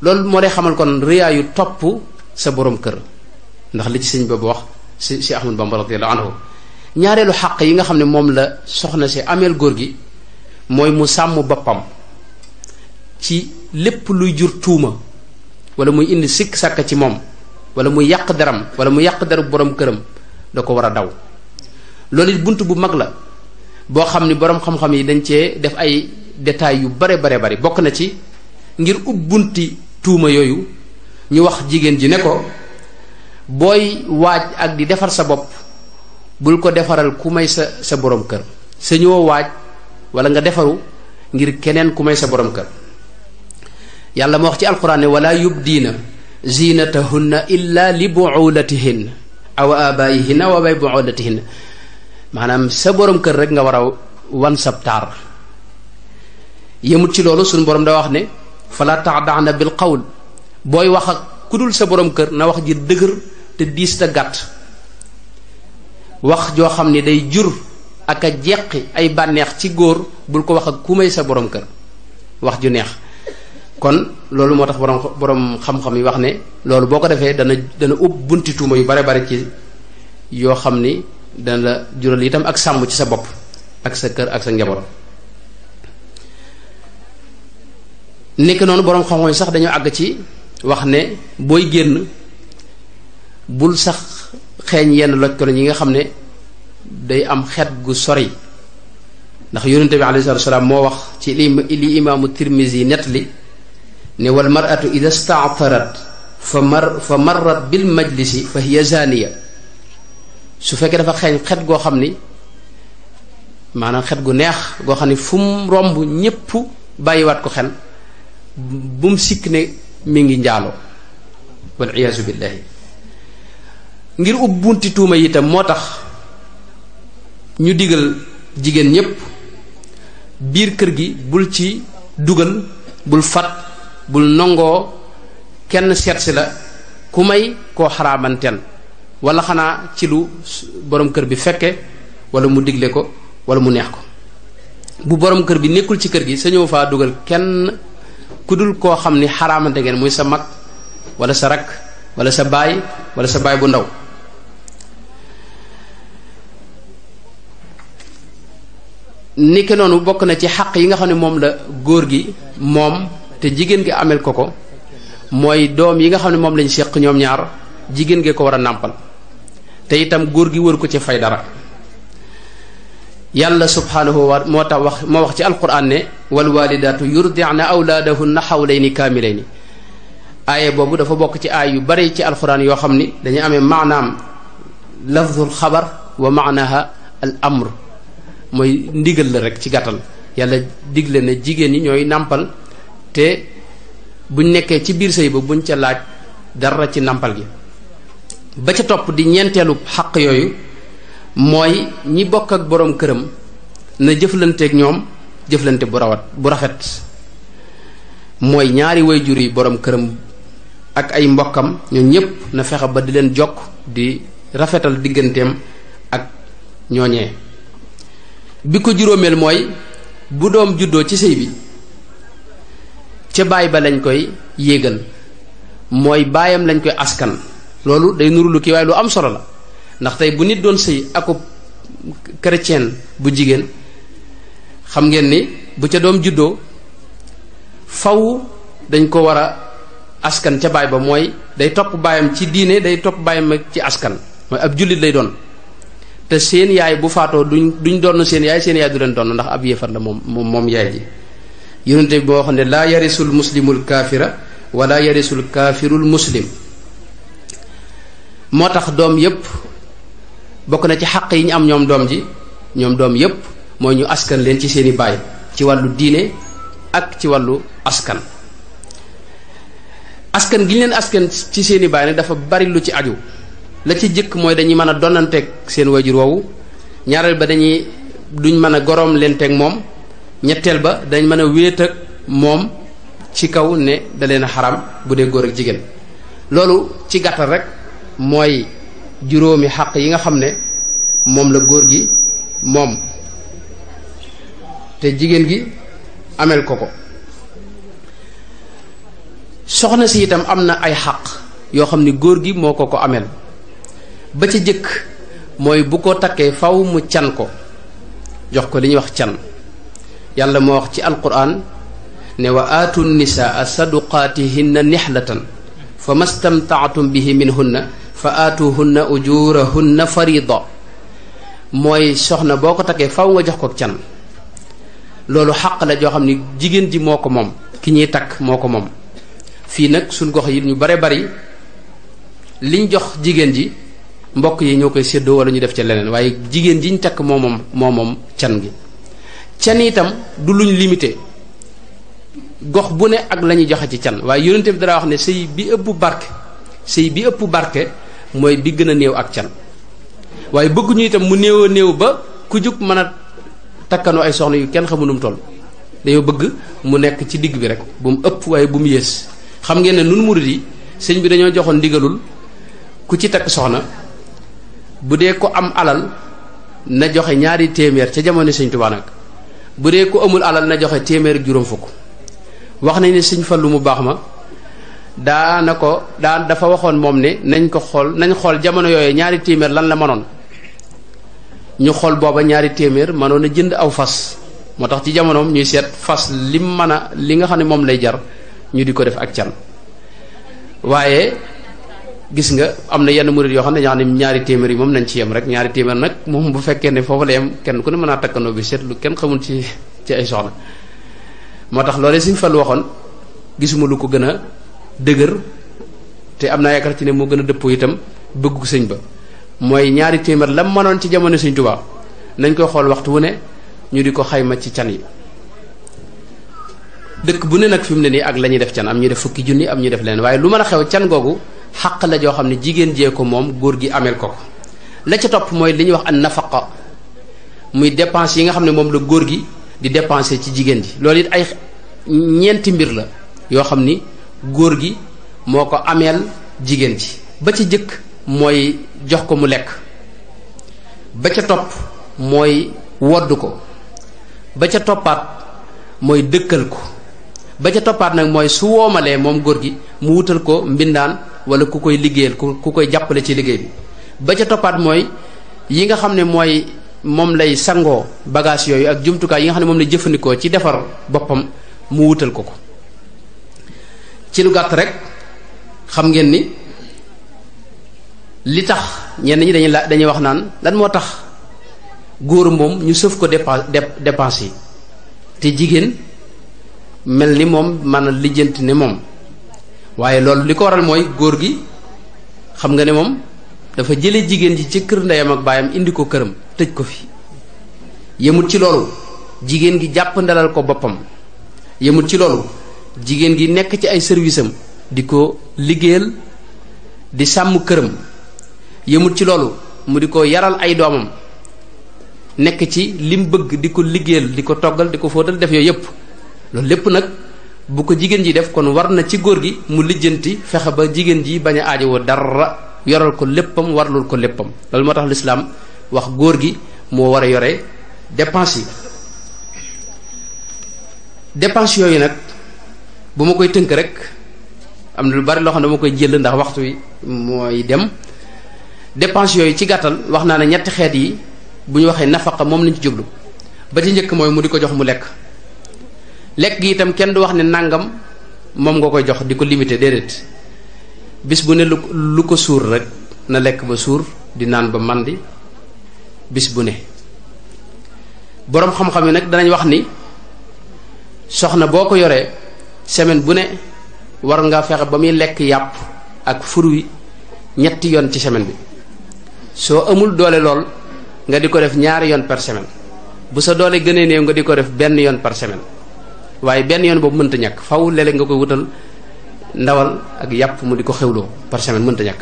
loolu moo lay xamal kon yu topp sa borom kër ndax li ci sëñ boobu wax si si ahmad bamba radiallahu anhu ñaareelu xàq yi nga xam ne moom la soxna si ameel góor gi mooy mu sàmm boppam ci lépp luy jur tuuma wala muy indi sikk sàkk ci moom wala muy yàq daram wala mu yàq daru borom këram da ko war a daw loolu it bunt bu mag la boo xam ni borom xam-xam yi dañ cee def ay détails yu bare bare bari bokk na ci ngir ub bunti tuuma yooyu ñu wax jigéen ji ne ko booy waaj ak di defar sa bopp bul ko defaral ku may sa sa borom kër sañoo waaj wala nga defaru ngir keneen ku may sa borom kër yàlla ma wax ci alquran ne wala yubdiina zinatahunna illa li buulatihin aw abaayihin aw abaay buulatihin maanaam sa borom kër rek nga war a wan sab taar yëmut ci loolu suñ borom da wax ne fala na bil xawul booy wax ak ku dul sa borom kër na wax ji dëgër te diis te gàtt wax joo xam ne day jur ak a jeq ay bànneex ci góor bul ko wax ak ku sa borom kër wax ju neex kon loolu moo tax borom borom xam-xam yi wax ne loolu boo ko defee dana dana ub bunti tuuma yu bare bare ci yoo xam ni dana la jural itam ak sàmm ci sa bopp ak sa kër ak sa njaboot nekk noonu borom xam-xam yi sax dañoo àgg ci wax ne booy génn bul sax xeeñ yenn lojkoñ ñi nga xam ne day am xet gu sori ndax yonente bi alayhi salatu wasalaam moo wax ci li li imaamu tirmisi nett li ne wal maratu ida staatarat fa mar fa marrat bil majlisi fa hiya zaniya su fekkee dafa xeeñ xet goo xam ni maanaam xet gu neex goo xam ne fu mu romb ñépp bàyyiwaat ko xel bu mu sikk ne mi ngi njaaloo wal iyaasu billahi ngir ub bunti tuuma itam moo tax ñu digal jigéen ñépp biir kër gi bul ci dugal bul fat bul nongoo kenn seetsi la ku may koo xaraamanteen wala xanaa ci lu borom kër bi fekke wala mu digle ko wala mu neex ko bu borom kër bi nekkul ci kër gi sañoo faa dugal kenn kudul ko xam ni xaraamante ngeen muy sa mag wala sa rak wala sa baay wala sa baay bu ndaw niki noonu bokk na ci xaq yi nga xam ne moom la góor gi moom te jigéen gi ameel ko ko mooy doom yi nga xam ne moom lañ seq ñoom ñaar jigéen gee ko war a nàmpal te itam góor gi wër ko ci fay dara yàlla subhaanahu wa moo tax wax moo wax ci alquran ne wal walidaatu yurdi'na awlaadahunna xawlayni kaamilayni aaye boobu dafa bokk ci aay yu bari ci alquran yoo xam ni dañu amee maanaam lafzul xabar wa maanaha al amr mooy ndigal la rek ci gàttal yàlla digle na jigéen ñi ñooy nàmpal te buñ nekkee ci biir sëy ba buñ ca laaj dara ci nàmpal gi ba ca topp di ñeenteelu xaq yooyu mooy ñi bokk ak boroom këram na jëflanteeg ñoom jëflante bu rawat bu rafet mooy ñaari wayjur yi boroom këram ak ay mbokkam ñoo ñépp na fexe ba di leen jokk di rafetal digganteem ak ñooñee bi ko juróomeel mooy bu doom juddoo ci sëy bi ca baay ba lañ koy yéegal mooy baayam lañ koy askan loolu day nuru lu waaye lu am solo la ndax tey bu nit doon sëy ako chrétien bu jigéen xam ngeen ni bu ca doom juddoo faw dañ ko war a askan ca baay ba mooy day topp baayam ci diine day topp baayam ci askan mooy ab jullit lay doon te seen yaay bu faatoo duñ duñ donn seen yaay seen yaay du leen donn ndax ab yéefar la moom moom yaay ji yonent bi boo xam ne laa yarisul muslimul kaafira wala yarisul kaafirul muslim moo tax doom yépp bokk na ci xaq yi ñu am ñoom doom ji ñoom doom yépp mooy ñu askan leen ci seeni baay ci wàllu diine ak ci wàllu askan askan gi ñu leen askan ci seeni baay nag dafa bari lu ci aju la ci jëkk mooy dañuy mën a donanteeg seen wajur woowu ñaareel ba dañuy duñ mën a goroom leen teg moom ñetteel ba dañ mën a wéet ak moom ci kaw ne da leen a xaram bu dee góor ak jigéen loolu ci gàttal rek mooy juróomi xaq yi nga xam ne moom la góor gi moom te jigéen gi amel ko ko soxna si itam am na ay xaq yoo xam ne góor gi moo ko ko ameel ba ci jëkk mooy bu ko takkee faw mu can ko jox ko li ñuy wax can yàlla moo wax ci alquran ne wa aatu nisaa saduqaatihinna nixlatan fa mastamtaatum bihi minhunna fa aatuhunna ujurahunna farida mooy soxna boo ko takkee faw nga jox ko can loolu xaq la joo xam ni jigéen ji moo ko moom ki ñuy takk moo ko moom fii nag suñ gox yi ñu bare bari liñ jox jigéen ji mbokk yi ñokay seddo wala ñu def ci leneen waye jigen jiñ tak momom momom can gi can itam du luñ limité gox bu ne ak lañu joxe ci can waye yoonte bi dara wax ne sey bi ëpp barke sey bi ëpp barke moy bi gëna neew ak can waye bëgg ñu itam mu neew neew ba ku juk mëna takkano ay soxna yu kenn xamu num mu toll dañoo bëgg mu nekk ci digg bi rek bu mu ëpp waye bu mu yes xam ngeen ne nun mouride yi señ bi dañoo joxon ndigalul ku ci tak soxna bu dee ko am alal na joxe ñaari téeméer ca jamono sëñ Tuubaa nag bu dee ko amul alal na joxe téeméer juróom fukk wax nañ ne sëñ lu mu baax ma daana ko daan dafa waxoon moom ne nañ ko xool nañ xool jamono yooyu ñaari téeméer lan la manoon ñu xool booba ñaari téeméer mënoon a jënd aw fas moo tax ci jamonoom ñuy seet fas lim mën a li nga xam ne moom lay jar ñu di ko def ak can waaye gis nga am na yenn murid yoo xam ne ñoo xam ne ñaari téeméer yi moom nañ ci yem rek ñaari téeméer nag moom bu fekkee ne foofu la yem kenn ku ne mën a takkandoo bi seet lu kenn xamul ci ci ay soxna moo tax loole suñ fal waxoon gisuma lu ko gën a dëgër te am naa yaakaar ci ne moo gën a dëppoo itam bëgg ko sëñ ba mooy ñaari téeméer lam mënoon ci jamono sëñ Tuubaa nañ koy xool waxtu wu ne ñu di ko xayma ci can yi dëkk bu ne nag fi mu ne nii ak la ñuy def can am ñuy def fukki junni am ñuy def leen waaye lu mën a xew can googu xaq la joo xam ne jigéen jee ko moom góor gi ameel ko ko la ca topp mooy li ñuy wax an nafaqa muy dépense yi nga xam ne moom la góor gi di dépenser ci jigéen ji loolu it ay ñeenti mbir la yoo xam ni góor gi moo ko ameel jigéen ji ba ca jëkk mooy jox ko mu lekk ba ca topp mooy wodd ko ba ca toppaat mooy dëkkal ko ba ca toppaat nag mooy su woomalee moom góor gi mu wutal ko mbindaan wala ku koy liggéeyal ku ku koy jàppale ci liggéey bi ba ca toppaat mooy yi nga xam ne mooy moom lay sangoo bagage yooyu ak jumtukaay yi nga xam ne moom lay jëfandikoo ci defar boppam mu wutal ko ko ci lu gàtt rek xam ngeen ni li tax ñenn ñi dañuy la dañuy wax naan lan moo tax góor moom ñu sëf ko dépense dépense yi te jigéen mel ni moom mën maanaam lijjant ne moom waaye loolu li ko waral mooy góor gi xam nga ne moom dafa jële jigéen ji ci kër ndeyam ak baayam indi ko këram tëj ko fi yemut ci loolu jigéen gi jàpp ndalal ko boppam yemut ci loolu jigéen gi nekk ci ay service am di ko liggéeyal di sàmm këram yemut ci loolu mu di ko yaral ay doomam nekk ci lim bëgg di ko liggéeyal di ko toggal di ko fóotal def yooyu yépp loolu lépp nag bu ko jigéen ji def kon war na ci góor gi mu lijjanti fexe ba jigéen ji bañ a aajowoo dara yoral ko léppam warlul ko léppam loolu moo tax lislaam wax góor gi moo war a yore dépense yi dépense yooyu nag bu ma koy tënk rek am na lu bari loo xam ne dama koy jël ndax waxtu wi mooy dem dépense yooyu ci gàttal wax naa ne ñetti xeet yi bu ñu waxee nafaqa moom lañ ci jublu ba ci njëkk mooy mu di ko jox mu lekk lek gi itam kenn du wax ne nangam mom nga koy jox diko limiter dedet bis bu ne lu ko rek na lek ba suur di nan ba mandi bis bu ne borom xam-xam nak dañ wax ni soxna boko yoré semaine bu ne war nga fexe ba mi lek yap ak fruit ñetti yon ci semaine bi so amul doole lol nga diko def ñaari yon par semaine bu sa doole nga diko def ben yon par semaine waaye benn yoon boobu mënta ñàkk faw léeg nga koy wutal ndawal ak yàpp mu di ko xewloo par semaine mënta ñàkk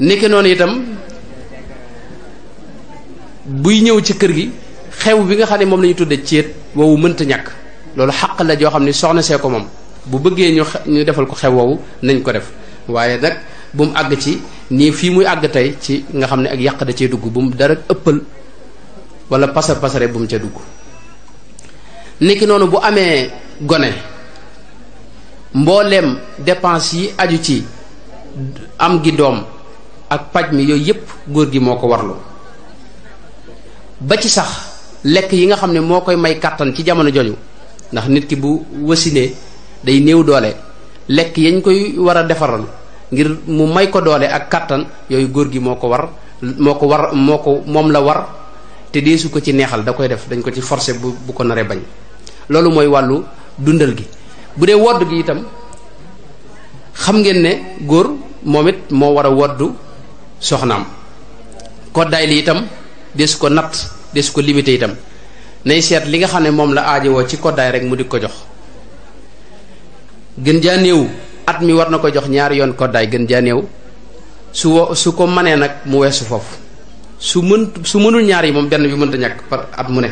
nekk noonu itam buy ñëw ci kër gi xew bi nga xam ne moom lañu ñu tudde céet woowu mënta ñàkk loolu xaq la joo xam ne soxna see ko moom bu bëggee ñu ñu defal ko xew woowu nañ ko def waaye nag bu mu àgg ci nii fii muy àgg tey ci nga xam ne ak yàq da cee dugg bu mu dara ëppal walla pasar pasare bu mu ca dugg niki noonu bu amee gone mbooleem dépense yi aju ci am gi doom ak paj mi yooyu yépp góor gi moo ko warlu ba ci sax lekk yi nga xam ne moo koy may kàttan ci jamono joju ndax nit ki bu wasinee day néew doole lekk yañ koy war a defaral ngir mu may ko doole ak kàttan yooyu góor gi moo ko war moo ko war moo ko moom la war te deesu ko ci neexal da koy def dañ ko ci forcer bu bu ko naree bañ lolu moy walu dundal gi budé dee wodd gi itam xam ngeen ne gor momit mo wara war soxnam ko day li itam des ko nat des ko limité itam nay seet li nga xamné mom la la wo ci day rek mu di ko jox gën jaa néew at mi war na ko jox ñaari yoon day gën jaa su su ko mané nak mu wessu fofu su mën su mënul ñaar yi mom benn bi ta ñak par at mu ne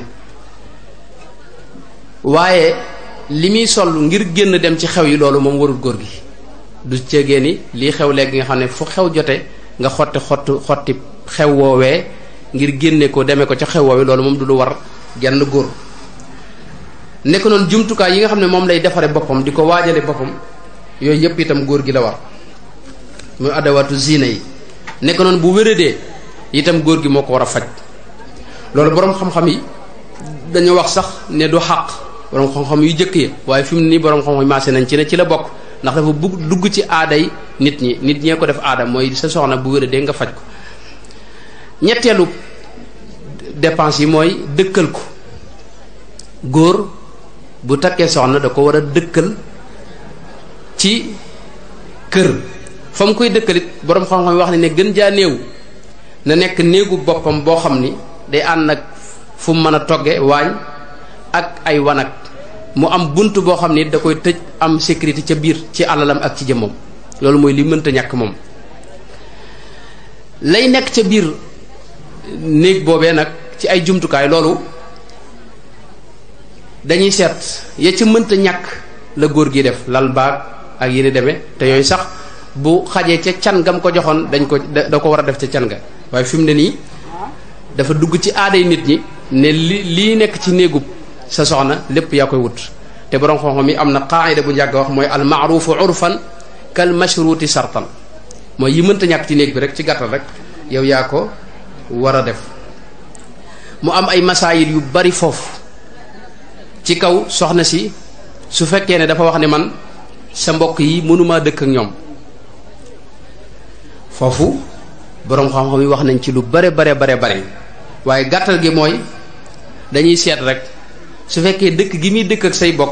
waaye li muy sol ngir génn dem ci xew yi loolu moom warul góor gi du cegee ni lii xew léegi nga xam ne fu xew jote nga xotti xotti xotti xew woowee ngir génne ko demee ko ca xew woowee loolu moom du lu war genn góor nekk noonu jumtukaay yi nga xam ne moom lay defaree boppam di ko waajale boppam yooyu yëpp itam góor gi la war muy adawatu ziina yi nekk noonu bu wéradee itam góor gi moo ko war a faj loolu boroom xam-xam yi dañu wax sax ne du xàq borom xam-xam yu jëkk ya waaye fi mu nii borom xam-xam maase nañ ci ne ci la bokk ndax dafa bugg dugg ci aaday nit ñi nit ñee ko def aada mooy sa soxna bu wér dee nga faj ko ñetteelu dépense yi mooy dëkkal ko góor bu takkee soxna da ko war a dëkkal ci kër fa mu koy dëkkalit boroom xam-xam wax ne ne gën jaa néew na nekk néegu boppam boo xam ni day ànd nag fu mën a togge waañ ak ay wanag mu am bunt boo xam ne da koy tëj am sécurité ca biir ci alalam ak ci jëmmam loolu mooy li mënta ñàkk moom lay nekk ca biir néeg boobee nag ci ay jumtukaay loolu dañuy seet ya ca mënta ñàkk la góor gi def lal baag ak yi deme te yooyu sax bu xajee ca can gam ko joxoon dañ ko da ko war a def ca can ga waaye fi mu ne nii dafa dugg ci aaday nit ñi ne li lii nekk ci néegub sa soxna lépp yaa koy wut te borom xam-xam mi am na qaayida bu njàgg wax mooy al maarufu urfan kal mashruuti sartan mooy yi mënta ñàkk ci néeg bi rek ci gàttal rek yow yaa ko war a def mu am ay masaayil yu bari foofu ci kaw soxna si su fekkee ne dafa wax ne man sa mbokk yi mënuma dëkk ak ñoom foofu boroom xam-xam yi wax nañ ci lu bare bare bare bare waaye gàttal gi mooy dañuy seet rek su fekkee dëkk gi muy dëkk ak say bokk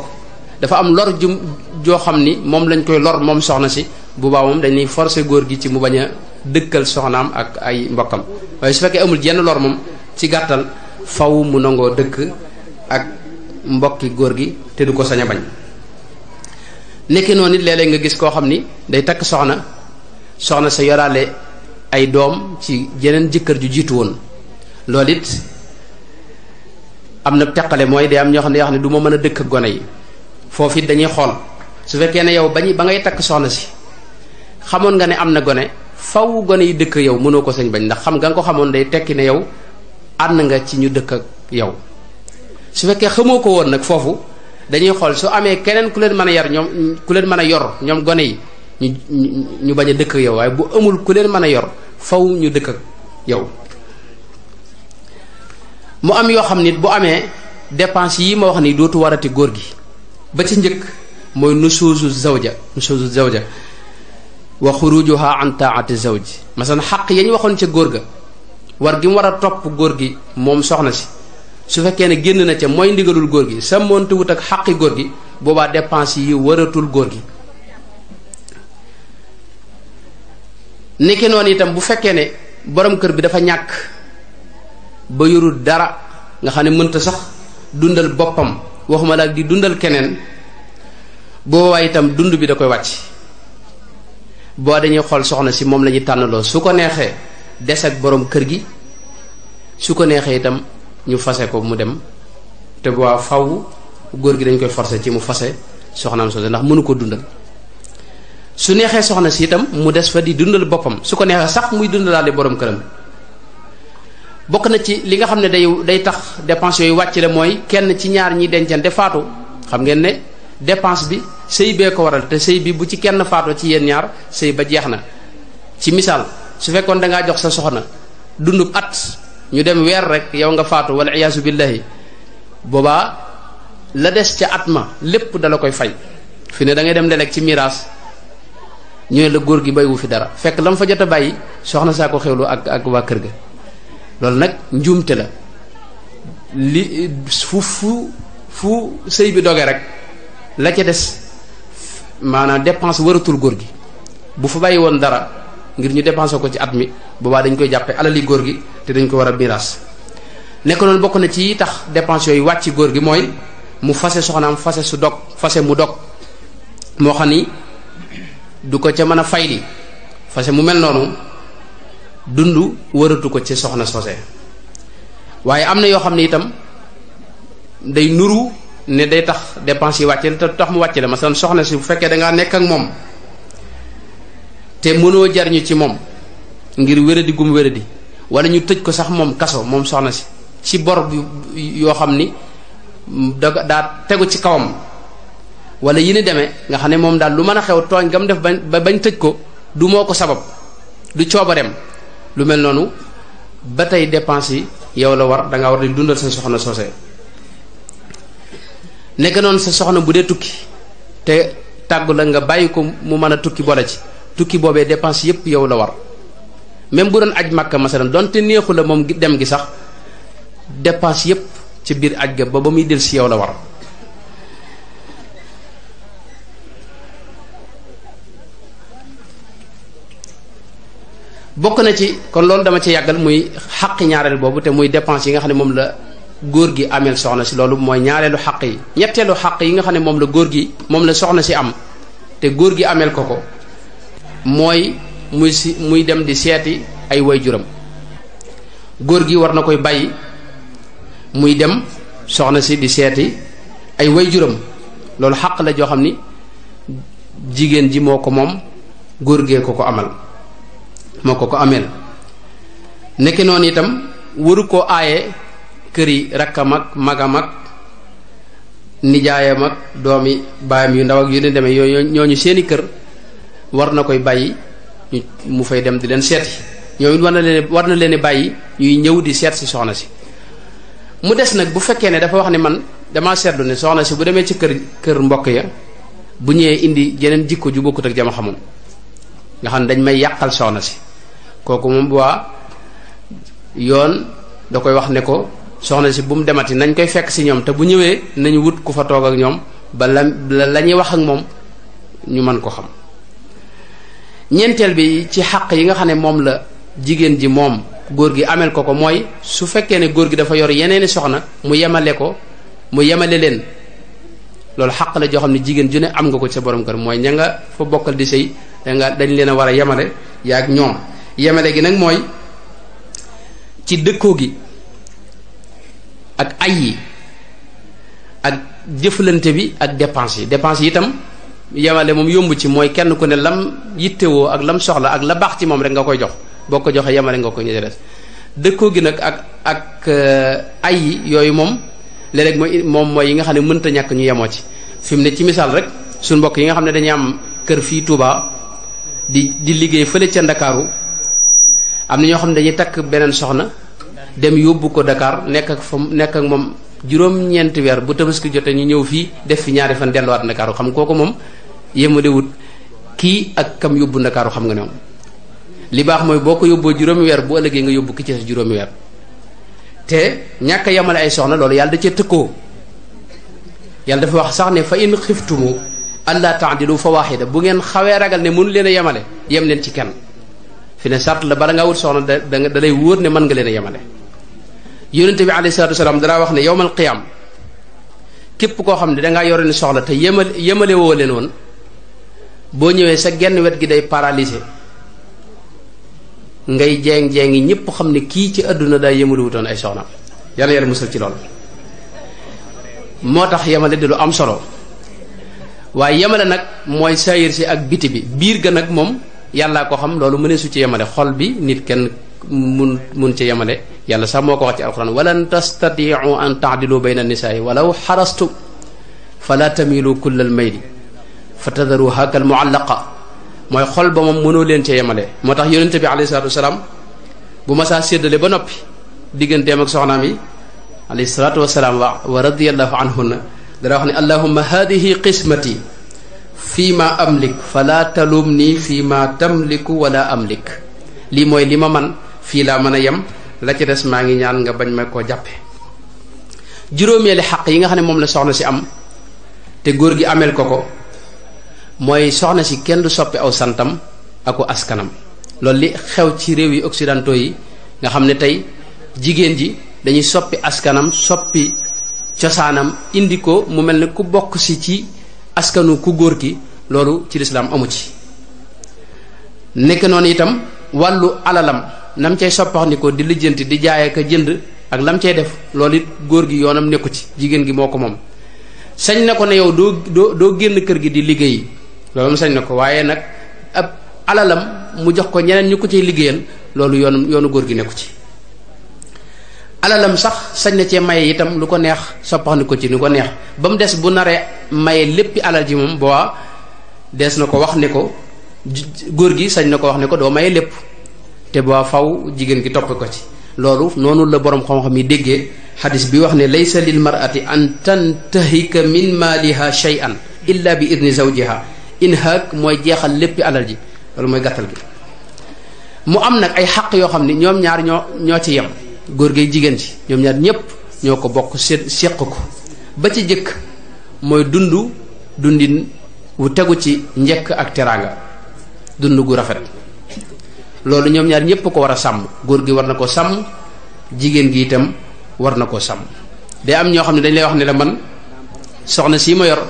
dafa am lor ju joo xam ni moom lañ koy lor moom soxna si bu baax moom dañuy forcer góor gi ci mu bañ a dëkkal soxnaam ak ay mbokkam waaye su fekkee amul jenn lor moom ci gàttal faw mu nangoo dëkk ak mbokki góor gi te du ko sañ a bañ nekki noonu it léeg-léeg nga gis koo xam ni day takk soxna soxna sa yoraale ay doom ci jeneen jëkkër ju jiitu woon loolu it am na teqale mooy day am ñoo xam ne yoo xam ne du ma mën a dëkk gone yi foofu it dañuy xool su fekkee ne yow bañu ba ngay takk soxna si xamoon nga ne am na gone faw gone yi dëkk yow mënoo ko sañ bañ ndax xam nga nga xamoon day tekki ne yow ànd nga ci ñu dëkk ak yow su fekkee xamoo ko woon nag foofu dañuy xool su amee keneen ku leen mën a yar ñoom ku leen mën a yor ñoom gone yi ñu ñu bañ a dëkk yow waaye bu amul ku leen mën a yor faw ñu dëkk ak yow mu am yoo xam nit bu amee dépense yi ma wax ni dootu warati góor gi ba ci njëkk mooy nusuusu zawja nusuusu zawja wa xurujuha an taati zawji masalan xaq yañ waxoon ca góor ga war gi mu war a topp góor gi moom soxna si su fekkee ne génn na ca mooy ndigalul góor gi sa montewut ak xaqi góor gi boobaa dépense yi waratul góor gi nekki noonu itam bu fekkee ne borom kër bi dafa ñàkk ba yorul dara nga xam ne mënta sax dundal boppam waxuma laa ak di dundal keneen boobaa itam dund bi da koy wàcc boo dañuy xol soxna si moom lañuy tànnaloo su ko neexee des ak borom kër gi su ko neexee itam ñu fase ko mu dem te bu faw góor gi dañ koy forcer ci mu fase soxnaam soose ndax mënu ko dundal su neexee soxna si itam mu des fa di dundal boppam su ko neexee sax muy dundalaale borom këram. bokk na ci li nga xam ne day day tax dépense yooyu wàcc la mooy kenn ci ñaar ñi dencante faatu xam ngeen ne dépense bi sëy bee ko waral te sëy bi bu ci kenn faatu ci yéen ñaar sëy ba jeex na ci misaal su fekkoon da ngaa jox sa soxna dundub at ñu dem weer rek yow nga faatu wala iyaasu billahi boobaa la des ca at ma lépp da la koy fay fi ne da ngay dem lelek ci mirage ñu ne la góor gi bay fi dara fekk lam fa jot a bàyyi soxna saa ko xewlu ak ak waa kër ga loolu nag njuumte la li fu fu fu sëy bi doge rek la ca des maanaam dépense waratul góor gi bu fa bàyyi woon dara ngir ñu dépensé ko ci at mi boobaa dañ koy jàppee alali góor gi te dañ ko war a miraas nekk noonu bokk na ci tax dépense yooyu wàcc góor gi mooy mu fase soxnaam fase su dog fase mu dog moo xam ni du ko ca mën a fayli fase mu mel noonu dund wëratu ko ci soxna sose waaye am na yoo xam ne itam day nuru ne day tax dépense yi wàcce te tax mu wàcce la masalan soxna si bu fekkee dangaa nekk ak moom te mënoo jariñu ci moom ngir wéradi gum wéradi wala ñu tëj ko sax moom kaso moom soxna si ci bor yoo xam ni da daa tegu ci kawam walla yi ni demee nga xam ne moom daal lu mën a xew tooñ gam def ba bañ tëj ko du moo ko sabab du coobareem lu mel noonu ba tey dépense yi yow la war danga war di dundal sa soxna soosee nekk noonu sa soxna bu dee tukki te tàggu la nga bàyyi ko mu mën a tukki boole ci tukki boobee dépense yépp yow la war même bu doon aj màkka masalan donte neexu la moom dem gi sax dépense yépp ci biir aj ga ba ba muy del si yow la war bokk na ci kon loolu dama ci yàggal muy xaq ñaareel boobu te muy dépense yi nga xam ne moom la góor gi ameel soxna si loolu mooy ñaareelu xaq yi ñetteelu xaq yi nga xam ne moom la góor gi moom la soxna si am te góor gi ameel ko ko mooy muy si muy dem di seeti ay waajuram góor gi war na koy bàyyi muy dem soxna si di seeti ay waajuram loolu xaq la joo xam ni jigéen ji moo ko moom góor gee ko ko amal moo ko ko ameel nekki noonu itam waru koo aaye kër këri rakkam ak magam ak nijaayam ak doomi baayam yu ndaw ak yu ne demee yooyu ñooñu seeni kër war na koy bàyyi mu fay dem di leen seeti ñoo war na leen war na leen bàyyi ñuy ñëw di seet si soxna si mu des nag bu fekkee ne dafa wax ne man damaa seetlu ne soxna si bu demee ci kër kër mbokk ya bu ñëwee indi jeneen jikko ju bokkut ak jama xamoon nga xam ne dañ may yàqal soxna si kooku moom waa yoon da koy wax ne ko soxna si bu mu demati nañ koy fekk si ñoom te bu ñëwee nañu wut ku fa toog ak ñoom ba la la ñuy wax ak moom ñu mën ko xam ñeenteel bi ci xaq yi nga xam ne moom la jigéen ji moom góor gi ameel ko ko mooy su fekkee ne góor gi dafa yor yeneeni soxna mu yemale ko mu yemale leen loolu xaq la joo xam ne jigéen ju ne am nga ko ci sa borom kër mooy ña nga fa bokkal di sëy danga dañ leen a war a yemale ak ñoom yamale gi nag mooy ci dëkkoo gi ak ay yi ak jëflante bi ak dépense yi dépense yi itam yamale moom yomb ci mooy kenn ku ne lam yittewoo ak lam soxla ak la baax ci moom rek nga koy jox boo ko joxee yamale nga ko ñu des dëkkoo gi nag ak ak euh, ay yi yooyu moom léeg-léeg mooy moom mooy yi nga xam ne mënta ñàkk ñu yemoo ci fi mu ne ci misaal rek su mbokk yi nga xam ne dañuy am kër fii Touba di di liggéey fële ca Ndakaaru am na ñoo xam ne dañuy takk beneen soxna dem yóbbu ko ndakaar nekk ak fa nekk ak moom juróom-ñeenti weer bu tabaski jotee ñu ñëw fii def fi ñaari fan delluwaat Ndakaaru xam kooku moom yemalewut kii ak kam yóbbu Ndakaaru xam nga ne moom li baax mooy boo ko yóbboo juróomi weer bu ëllëgee nga yóbbu ki ci juróomi weer te ñàkk yamale ay soxna loolu yàlla da cee tëkkoo yàlla dafa wax sax ne fa in xiftumu allah taadilu fa waaxida bu ngeen xawee ragal ne mënu leen a yemale yem leen ci kenn fi ne sart la bala ngaa wut soxna da danga dalay wóor ne mën nga leen yemale yonente bi alayhi salatu wasalaam danaa wax ne yowmal qiyam képp koo xam ne dangaa yore ni soxla te yemal yemale woo leen woon boo ñëwee sa genn wet gi day paralysé ngay jeeng-jeeng yi ñëpp xam ne kii ci àdduna day yemale wutoon ay soxna yàlla yàlla musal ci lool moo tax yemale di lu am solo waaye yemale nag mooy saayir si ak biti bi biir ga nag moom yalla ko xam lolou mene su ci yamale xol bi nit ken mun mun ci yamale yàlla sa moko wax ci alquran walan tastatiu an ta'dilu bayna an-nisa'i walau xarastu fala tamilu kull al-mayl fatadharu hakal muallaqa moy xol ba mom mënoo len ci yamale motax tax yonente bi alayhi salatu wasalaam bu ma sa sedele ba nopi digentem ak soxna mi alayhi salatu wasalaam wa wa radiallahu anhunna dara wax ni allahumma hadhihi qismati fii ma amlik fala talum nii fii ma tamliku am amlik lii mooy li ma man fii laa mën a yem la ci des maa ngi ñaan nga bañ ma koo jàppe juróomeeli xaq yi nga xam ne moom la soxna si am te góor gi ameel ko ko mooy soxna si kenn du soppi aw santam aku askanam loolu li xew ci réew yi occidentaux yi nga xam ne tey jigéen ji dañuy soppi askanam soppi cosaanam indi ko mu mel ni ku bokk si ci askanu ku góor ki loolu ci lislaam amu ci nekk noonu itam wàllu alalam nam cay soppaxndikoo di lijjanti di jaay ak jënd ak lam cay def loolu it góor gi yoonam nekku ci jigéen gi moo ko moom sañ na ko ne yow doo doo doo génn kër gi di liggéeyi loolu sañ na ko waaye nag ab alalam mu jox ko ñeneen ñu ko ciy liggéeyal loolu yoonu góor gi nekku ci alalam sax sañ na cee maye itam lu ko neex soppaxni ko ci lu ko neex ba mu des bu naree maye léppi alal ji moom boobaa des na ko wax ne ko góor gi sañ na ko wax ne ko doo maye lépp te boobaa faw jigéen gi topp ko ci loolu noonu la boroom xam-xam yi déggee xadis bi wax ne laysa lil mar'ati an tantahika min maaliha shay'an illa bi idni zawjiha inhaak mooy jeexal léppi alal ji loolu mooy gàttal gi mu am nag ay xaq yoo xam ni ñoom ñaar ñoo ñoo ci yem góor geeg jigéen ci ñoom ñaar ñépp ñoo ko bokk sé séq ko ba ci jëkk mooy dund dundin wu tegu ci njekk ak teraanga dund gu rafet loolu ñoom ñaar ñépp ko war a sàmm góor gi war na ko sàmm jigéen gi itam war na ko sàmm day am ñoo xam ne dañ lay wax ne la man soxna si ma yor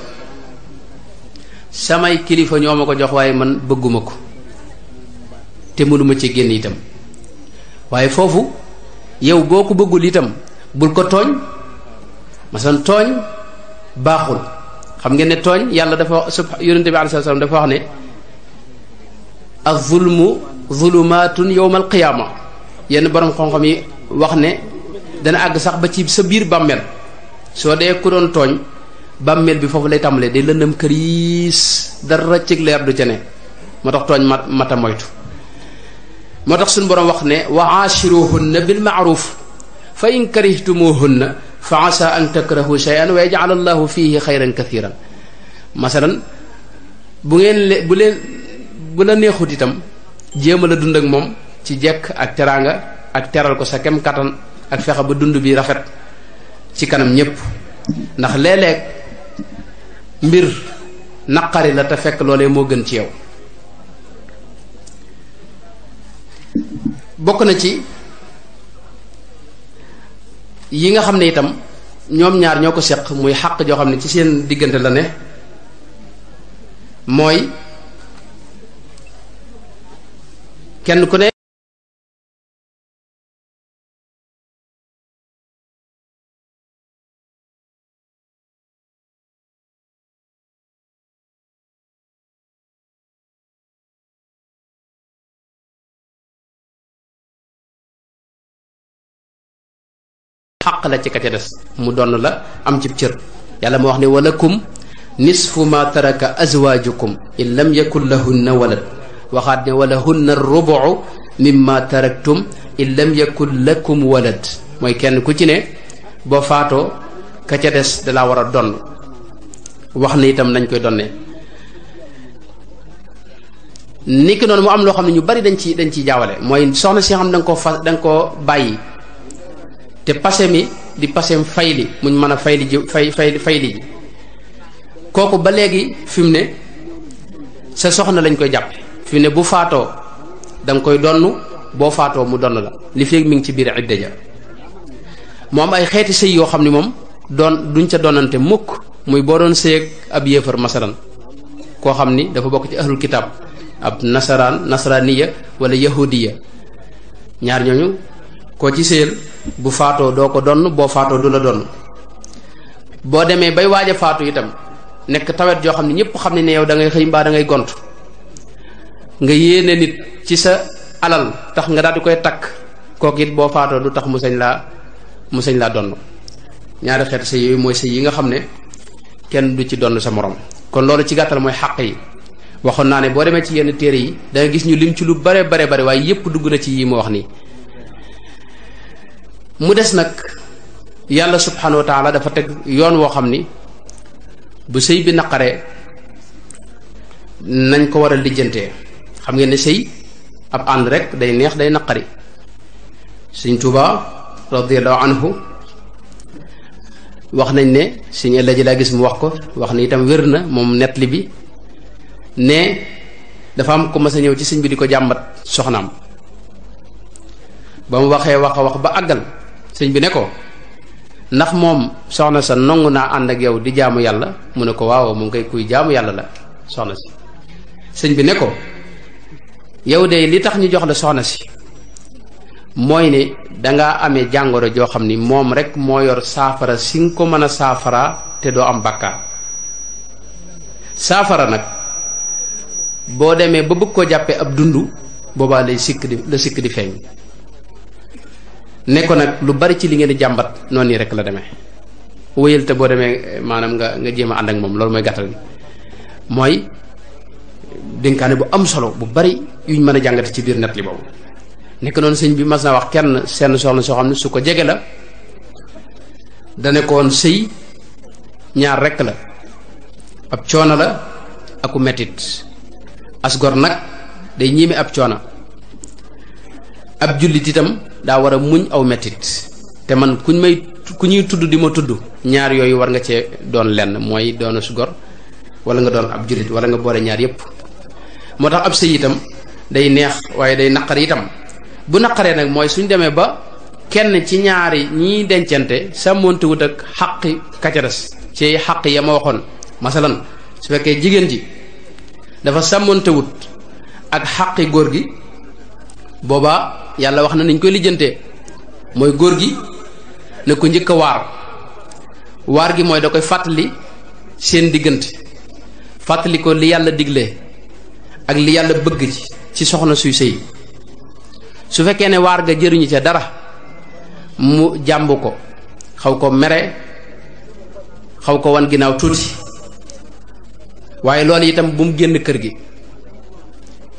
samay kilifa ñoo ma ko jox waaye man bëgguma ko te mënuma ci génn itam waaye foofu yow boo ko bëggul itam bul ko tooñ masalan tooñ baaxul xam ngeen ne tooñ yàlla dafa sub yonente bi aleyhi salaam dafa wax ne az-zulmu zulumaatun yawmal qiyaama yenn borom xam-xam yi wax ne dana àgg sax ba ci sa biir bàmmeel soo dee ku doon tooñ bàmmeel bi foofu lay tàmbalee day lëndam këriis dara cig leer du ca ne moo tax tooñ mat mata moytu moo tax suñu borom wax ne wa aachiruhunna bil maaruf fa in karihtumuhunna fa asa an takrahu cheyan wa yajal allahu fihi xayran kathiran masalan bu ngeen le bu leen bu la neexut itam jéem a la dund ak moom ci jekk ak teraanga ak teral ko sa kem kattan ak fexe ba dund bi rafet ci kanam ñépp ndax léeg-léeg mbir naqari la te fekk loolee moo gën ci yow bokk na ci yi nga xam ne itam ñoom ñaar ñoo ko seq muy xàq joo xam ne ci seen diggante la ne mooy kenn ku ne àq la ci ka ca des mu donn la am cib cër yàlla moo wax ne walakum nisfu ma taraka azwaajukum in lam yakun lahunna walad waxaat ne walahunna rubu mimma taraktum in lam yakun lakum walad mooy kenn ku ci ne boo faatoo ka ca des dalaa war a donn wax na itam nañ koy donnee niki noonu mu am loo xam ne ñu bari dañ ci dañ ciy jaawale mooy soxna si xam da nga fas da nga bàyyi te passé mi di passé fayli muñ mëna fayli ji fay fay fayli koku ba légui fimné sa soxna lañ koy japp fimné bu faato dang koy donnu bo faato mu donn la li feeg mi ngi ci biir idda mom ay xéeti sey yo xamni mom don duñ ca donante mukk muy boo doon sëyeeg ab yéefar masalan ko xamni dafa bok ci ahlul kitab ab nasaran nasraniya wala yahudiya ñaar ñooñu koo ci séyal bu faatoo doo ko donn boo faatoo du la donn boo demee bay waaj a faatu itam nekk tawet joo xam ne ñëpp xam ne ne yow da xëy mbaa dangay ngay gont nga yéene nit ci sa alal tax nga daal di koy takk kooku boo faatoo du tax mu sañ laa mu sañ laa donn ñaari xeet sëy yooyu mooy sëy yi nga xam ne kenn du ci donn sa moroom kon loolu ci gàttal mooy xàq yi waxoon naa ne boo demee ci yenn téere yi da gis ñu lim ci lu bare bare bare waaye yépp dugg na ci yi wax nii mu des nag yàlla subhanahu wa taala dafa teg yoon woo xam ni bu sëy bi naqaree nañ ko war a lijjantee xam ngeen ne sëy ab ànd rek day neex day naqari sëñ Tuuba radiallahu anhu wax nañ ne sëñ El Hadji laa gis mu wax ko wax ni itam wér na moom nettali bi ne dafa am ku mas ñëw ci sëñ bi di ko jàmbat soxnaam ba mu waxee wax a ba àggal señ bi ne ko ndax moom soxna sa nongu naa ànd ak yow di jaamu yàlla mu ne ko waaw mu ngay kuy jaamu yàlla la soxna si sëñ bi ne ko yow de li tax ñu jox la soxna si mooy ne dangaa amee jàngoro joo xam ni moom rek moo yor saafara si nga ko mën a saafara te doo am bàkkaar saafara nag boo demee ba bëgg ko jàppee ab dund boobaa lay sikk di la sikk di feeñ ne ko nag lu bari ci li ngeen di jambat noonu rek la demee wéyal te boo demee maanaam nga nga jéem a ànd ak moom loolu mooy gàttal mooy dénkaane bu am solo bu bari yuñ mën a jàngate ci biir net li boobu nekk noonu sëñ bi mas naa wax kenn seen soxna soo xam ne su ko jege la dane ko sëy ñaar rek la ab coono la aku metit asgor nag day ñiime ab coono ab jullit itam daa war a muñ aw mettit te man kuñ may ku ñuy tudd di ma tudd ñaar yooyu war nga cee doon lenn mooy doona su gor wala nga doon ab jullit wala nga boole ñaar yépp moo tax ab sëy itam day neex waaye day naqar itam bu naqaree nag mooy suñ demee ba kenn ci ñaari ñiy dencante sàmmoonte ak xaqi kacaras ci xaq ya ma waxoon masalan su fekkee jigéen ji dafa sàmmoonte wut ak xaqi góor gi booba yàlla wax na nañ koy lijjante mooy góor gi na ko njëkk a waar waar gi mooy da koy fàttali seen diggante fàttali ko li yàlla digle ak li yàlla bëgg ci ci soxna suy sëy su fekkee ne waar ga jëriñu ca dara mu jàmb ko xaw ko mere xaw ko wan ginnaaw tuuti waaye loolu itam bu mu génn kër gi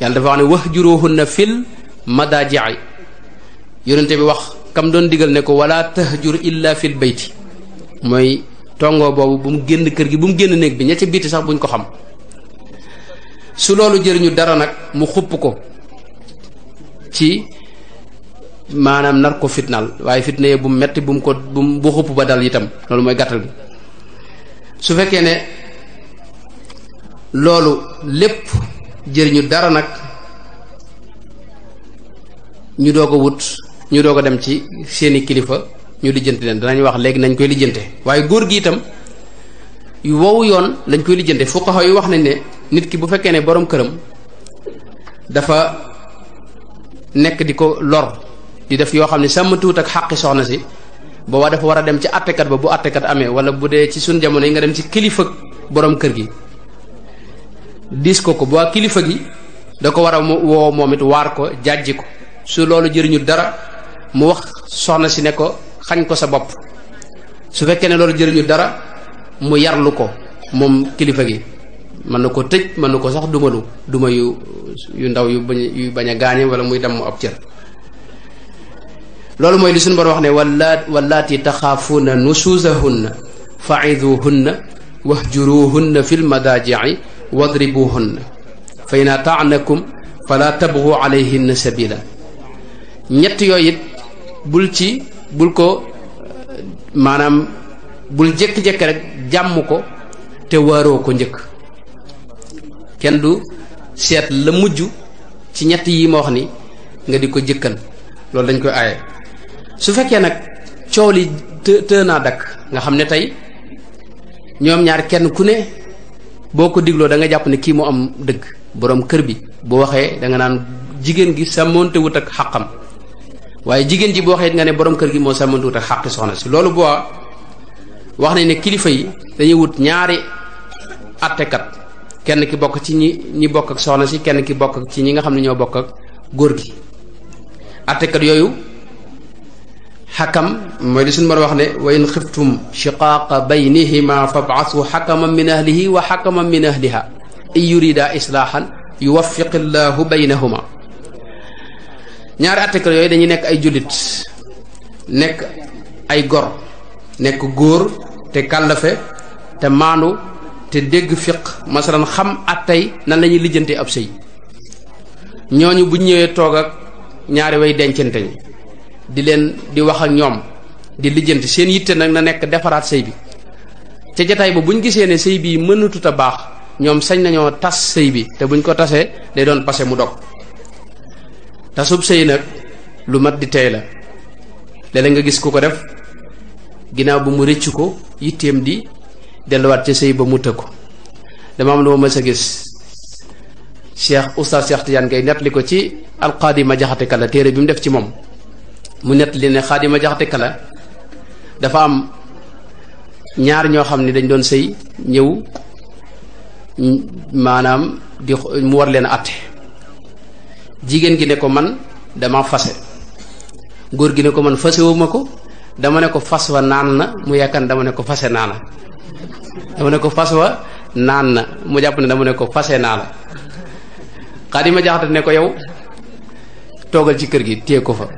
yàlla dafa wax ne wahjuruhunna fil madaji'i yonente bi wax kam doon digal ne ko wala tahjur illa fil bayti moy tongo bobu bu mu genn kër gi bu mu genn nek bi ña biti sax buñ ko xam su lolu jëriñu dara nak mu xupp ko ci manam nar ko fitnaal waaye fitna yee ya bu metti bu ko bu bu xupp ba dal itam lolu moy gatal su fekke ne lolu lepp jëriñu dara nak ñu doo ko wut ñu doog a dem ci seeni kilifa ñu lijjanti leen danañ wax léegi nañ koy lijjante waaye góor gi itam woowu yoon lañ koy lijjante fuqaha yi wax nañ ne nit ki bu fekkee ne borom këram dafa nekk di ko lor di def yoo xam ne sàmm tuut ak xàqi soxna si boobaa dafa war a dem ci attekat ba bu attekat amee wala bu dee ci suñ jamono yi nga dem ci kilifa boroom kër gi diis ko ko bu kilifa gi da ko war a woo moom it waar ko jàjji ko su loolu jëriñul dara mu wax soxna si ne ko xañ ko sa bopp su fekkee ne loolu jëriñul dara mu yarlu ko moom kilifa gi mën na ko tëj mën sax dumalu duma yu yu ndaw yu bañ yu bañ a gaañe wala muy dem ab cër loolu mooy li sun bor wax ne wallaat wallaati taxaafuuna nusuusahunna faiduhunna wahjuruhunna fi lmadaajici wadribuhunna fa ina ataanakum fala tabgu alayhinna sabila ñett yooyu yit bul ci bul ko maanaam bul jékki-jékki rek jàmm ko te waaroo ko njëkk kenn du seet la mujj ci ñett yi ma wax ni nga di ko jëkkal loolu dañ koy aaye su fekkee nag coow li të të naa dakk nga xam ne tey ñoom ñaar kenn ku ne boo ko digloo da nga jàpp ni kii mu am dëgg boroom kër bi bu waxee danga naan jigéen gi sàmmoonte wut ak xàqam waye jigen ji bo xeet nga ne borom keur gi mo sàmmantuut tak xàqi soxna ci lolu bo wax ne ne kilifa yi dañuy wut ñaari kat kenn ki bok ci ñi ñi bok ak soxna ci kenn ki bok ci ñi nga xamni ño bok ak gor gi kat yoyu hakam moy li sun mar wax ne wa in khiftum shiqaqa baynihima fab'athu hakaman min ahlihi wa hakaman min ahliha ay yurida islahan yuwaffiqillahu baynahuma ñaari article yooyu dañu nekk ay jullit nekk ay gor nekk góor te kàllafe te maandu te dégg fiq masalan xam attey nan la ñuy lijjante ab sëy ñooñu bu ñëwee toog ak ñaari way dencante ñi di leen di wax ak ñoom di lijjante seen yitte nag na nekk defaraat sëy bi ca jataay ba bu ñu gisee ne sëy bii mënatut a baax ñoom sañ nañoo tas sëy bi te buñ ko tasee day doon passé mu dog tasub sëy nag lu mat di tey la léeg-léeg nga gis ku ko def ginnaaw bu mu rëcc ko yitteem di delluwaat ca sëy ba mu tëkku dama am lu ma mës a gis cheikh oustaz Cheikh Tidiane ngay nettali ko ci alxaadima jaxate kala téere bi mu def ci moom mu nettali ne xaadima jaxate kala dafa am ñaar ñoo xam ne dañ doon sëy ñëw maanaam di mu war leen atte Jigen gi ne ko man dama fase góor gi ne ko man fasewuma ko dama ne ko fas wa naan na mu yàkkan dama ne ko fase naa la dama ne ko fas wa naan na mu jàpp ne dama ne ko fase naa la jahat jaxate ne ko yow toogal ci kër gi téye ko fa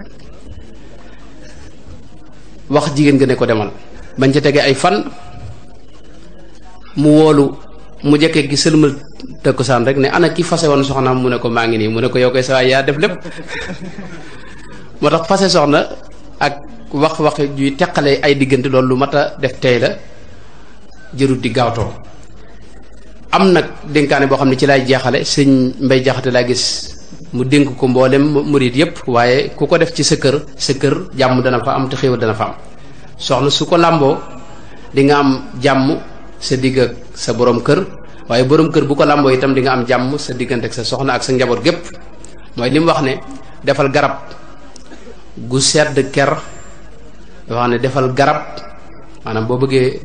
wax jigéen nga ne ko demal bañ ca tege ay fan mu woolu mu jekkee gi sëlmal da ko saan rek ne ana ki fasé won soxna mu ne ko ma ngi ni mu ne ko yow koy sa ya def lepp motax fasé soxna ak wax wax ju tekkale ay digënt lool lu mata def tay la jërut di gawto am nak denkaane bo xamni ci lay jeexale señ mbay jaxata la gis mu denk ko mboolem murid yépp waye kuko def ci sa kër sa kër jamm dana fa am te xéewal dana fa am soxna suko lambo di nga am jamm sa digg sa borom kër waaye borom kër bu ko làmboo itam di nga am jàmm sa diggante ak sa soxna ak sa njaboot gépp mooy li wax ne defal garab gu sedd ker dafa xam ne defal garab maanaam boo bëggee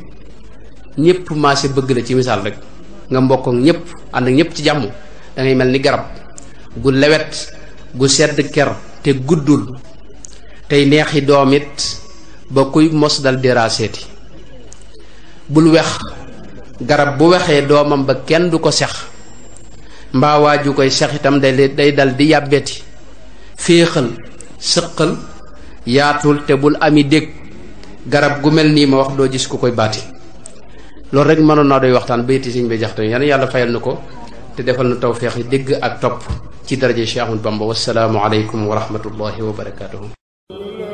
ñëpp maase bëgg la ci misaal rek nga mbokk ak ñëpp ànd ak ci jàmm dangay mel ni garab gu lewet gu sedd ker te guddul tey neexi doom it ba kuy mos dal déraaseeti bul wex garab bu waxee doomam ba kenn du ko sex mbaa waaju koy sex itam day day dal di yàbbeti féexal sëqal yaatul te bul ami dégg garab gu mel nii ma wax doo gis ko koy baati loolu rek mënoon naa doy waxtaan bayti Sëñ Bay Jaxate yan yàlla fayal na ko te defal na tawféex yi dëgg ak topp ci daraje Cheikh Ahmadou Bamba wasalaamu aleykum wa rahmatullahi wa barakaatuhu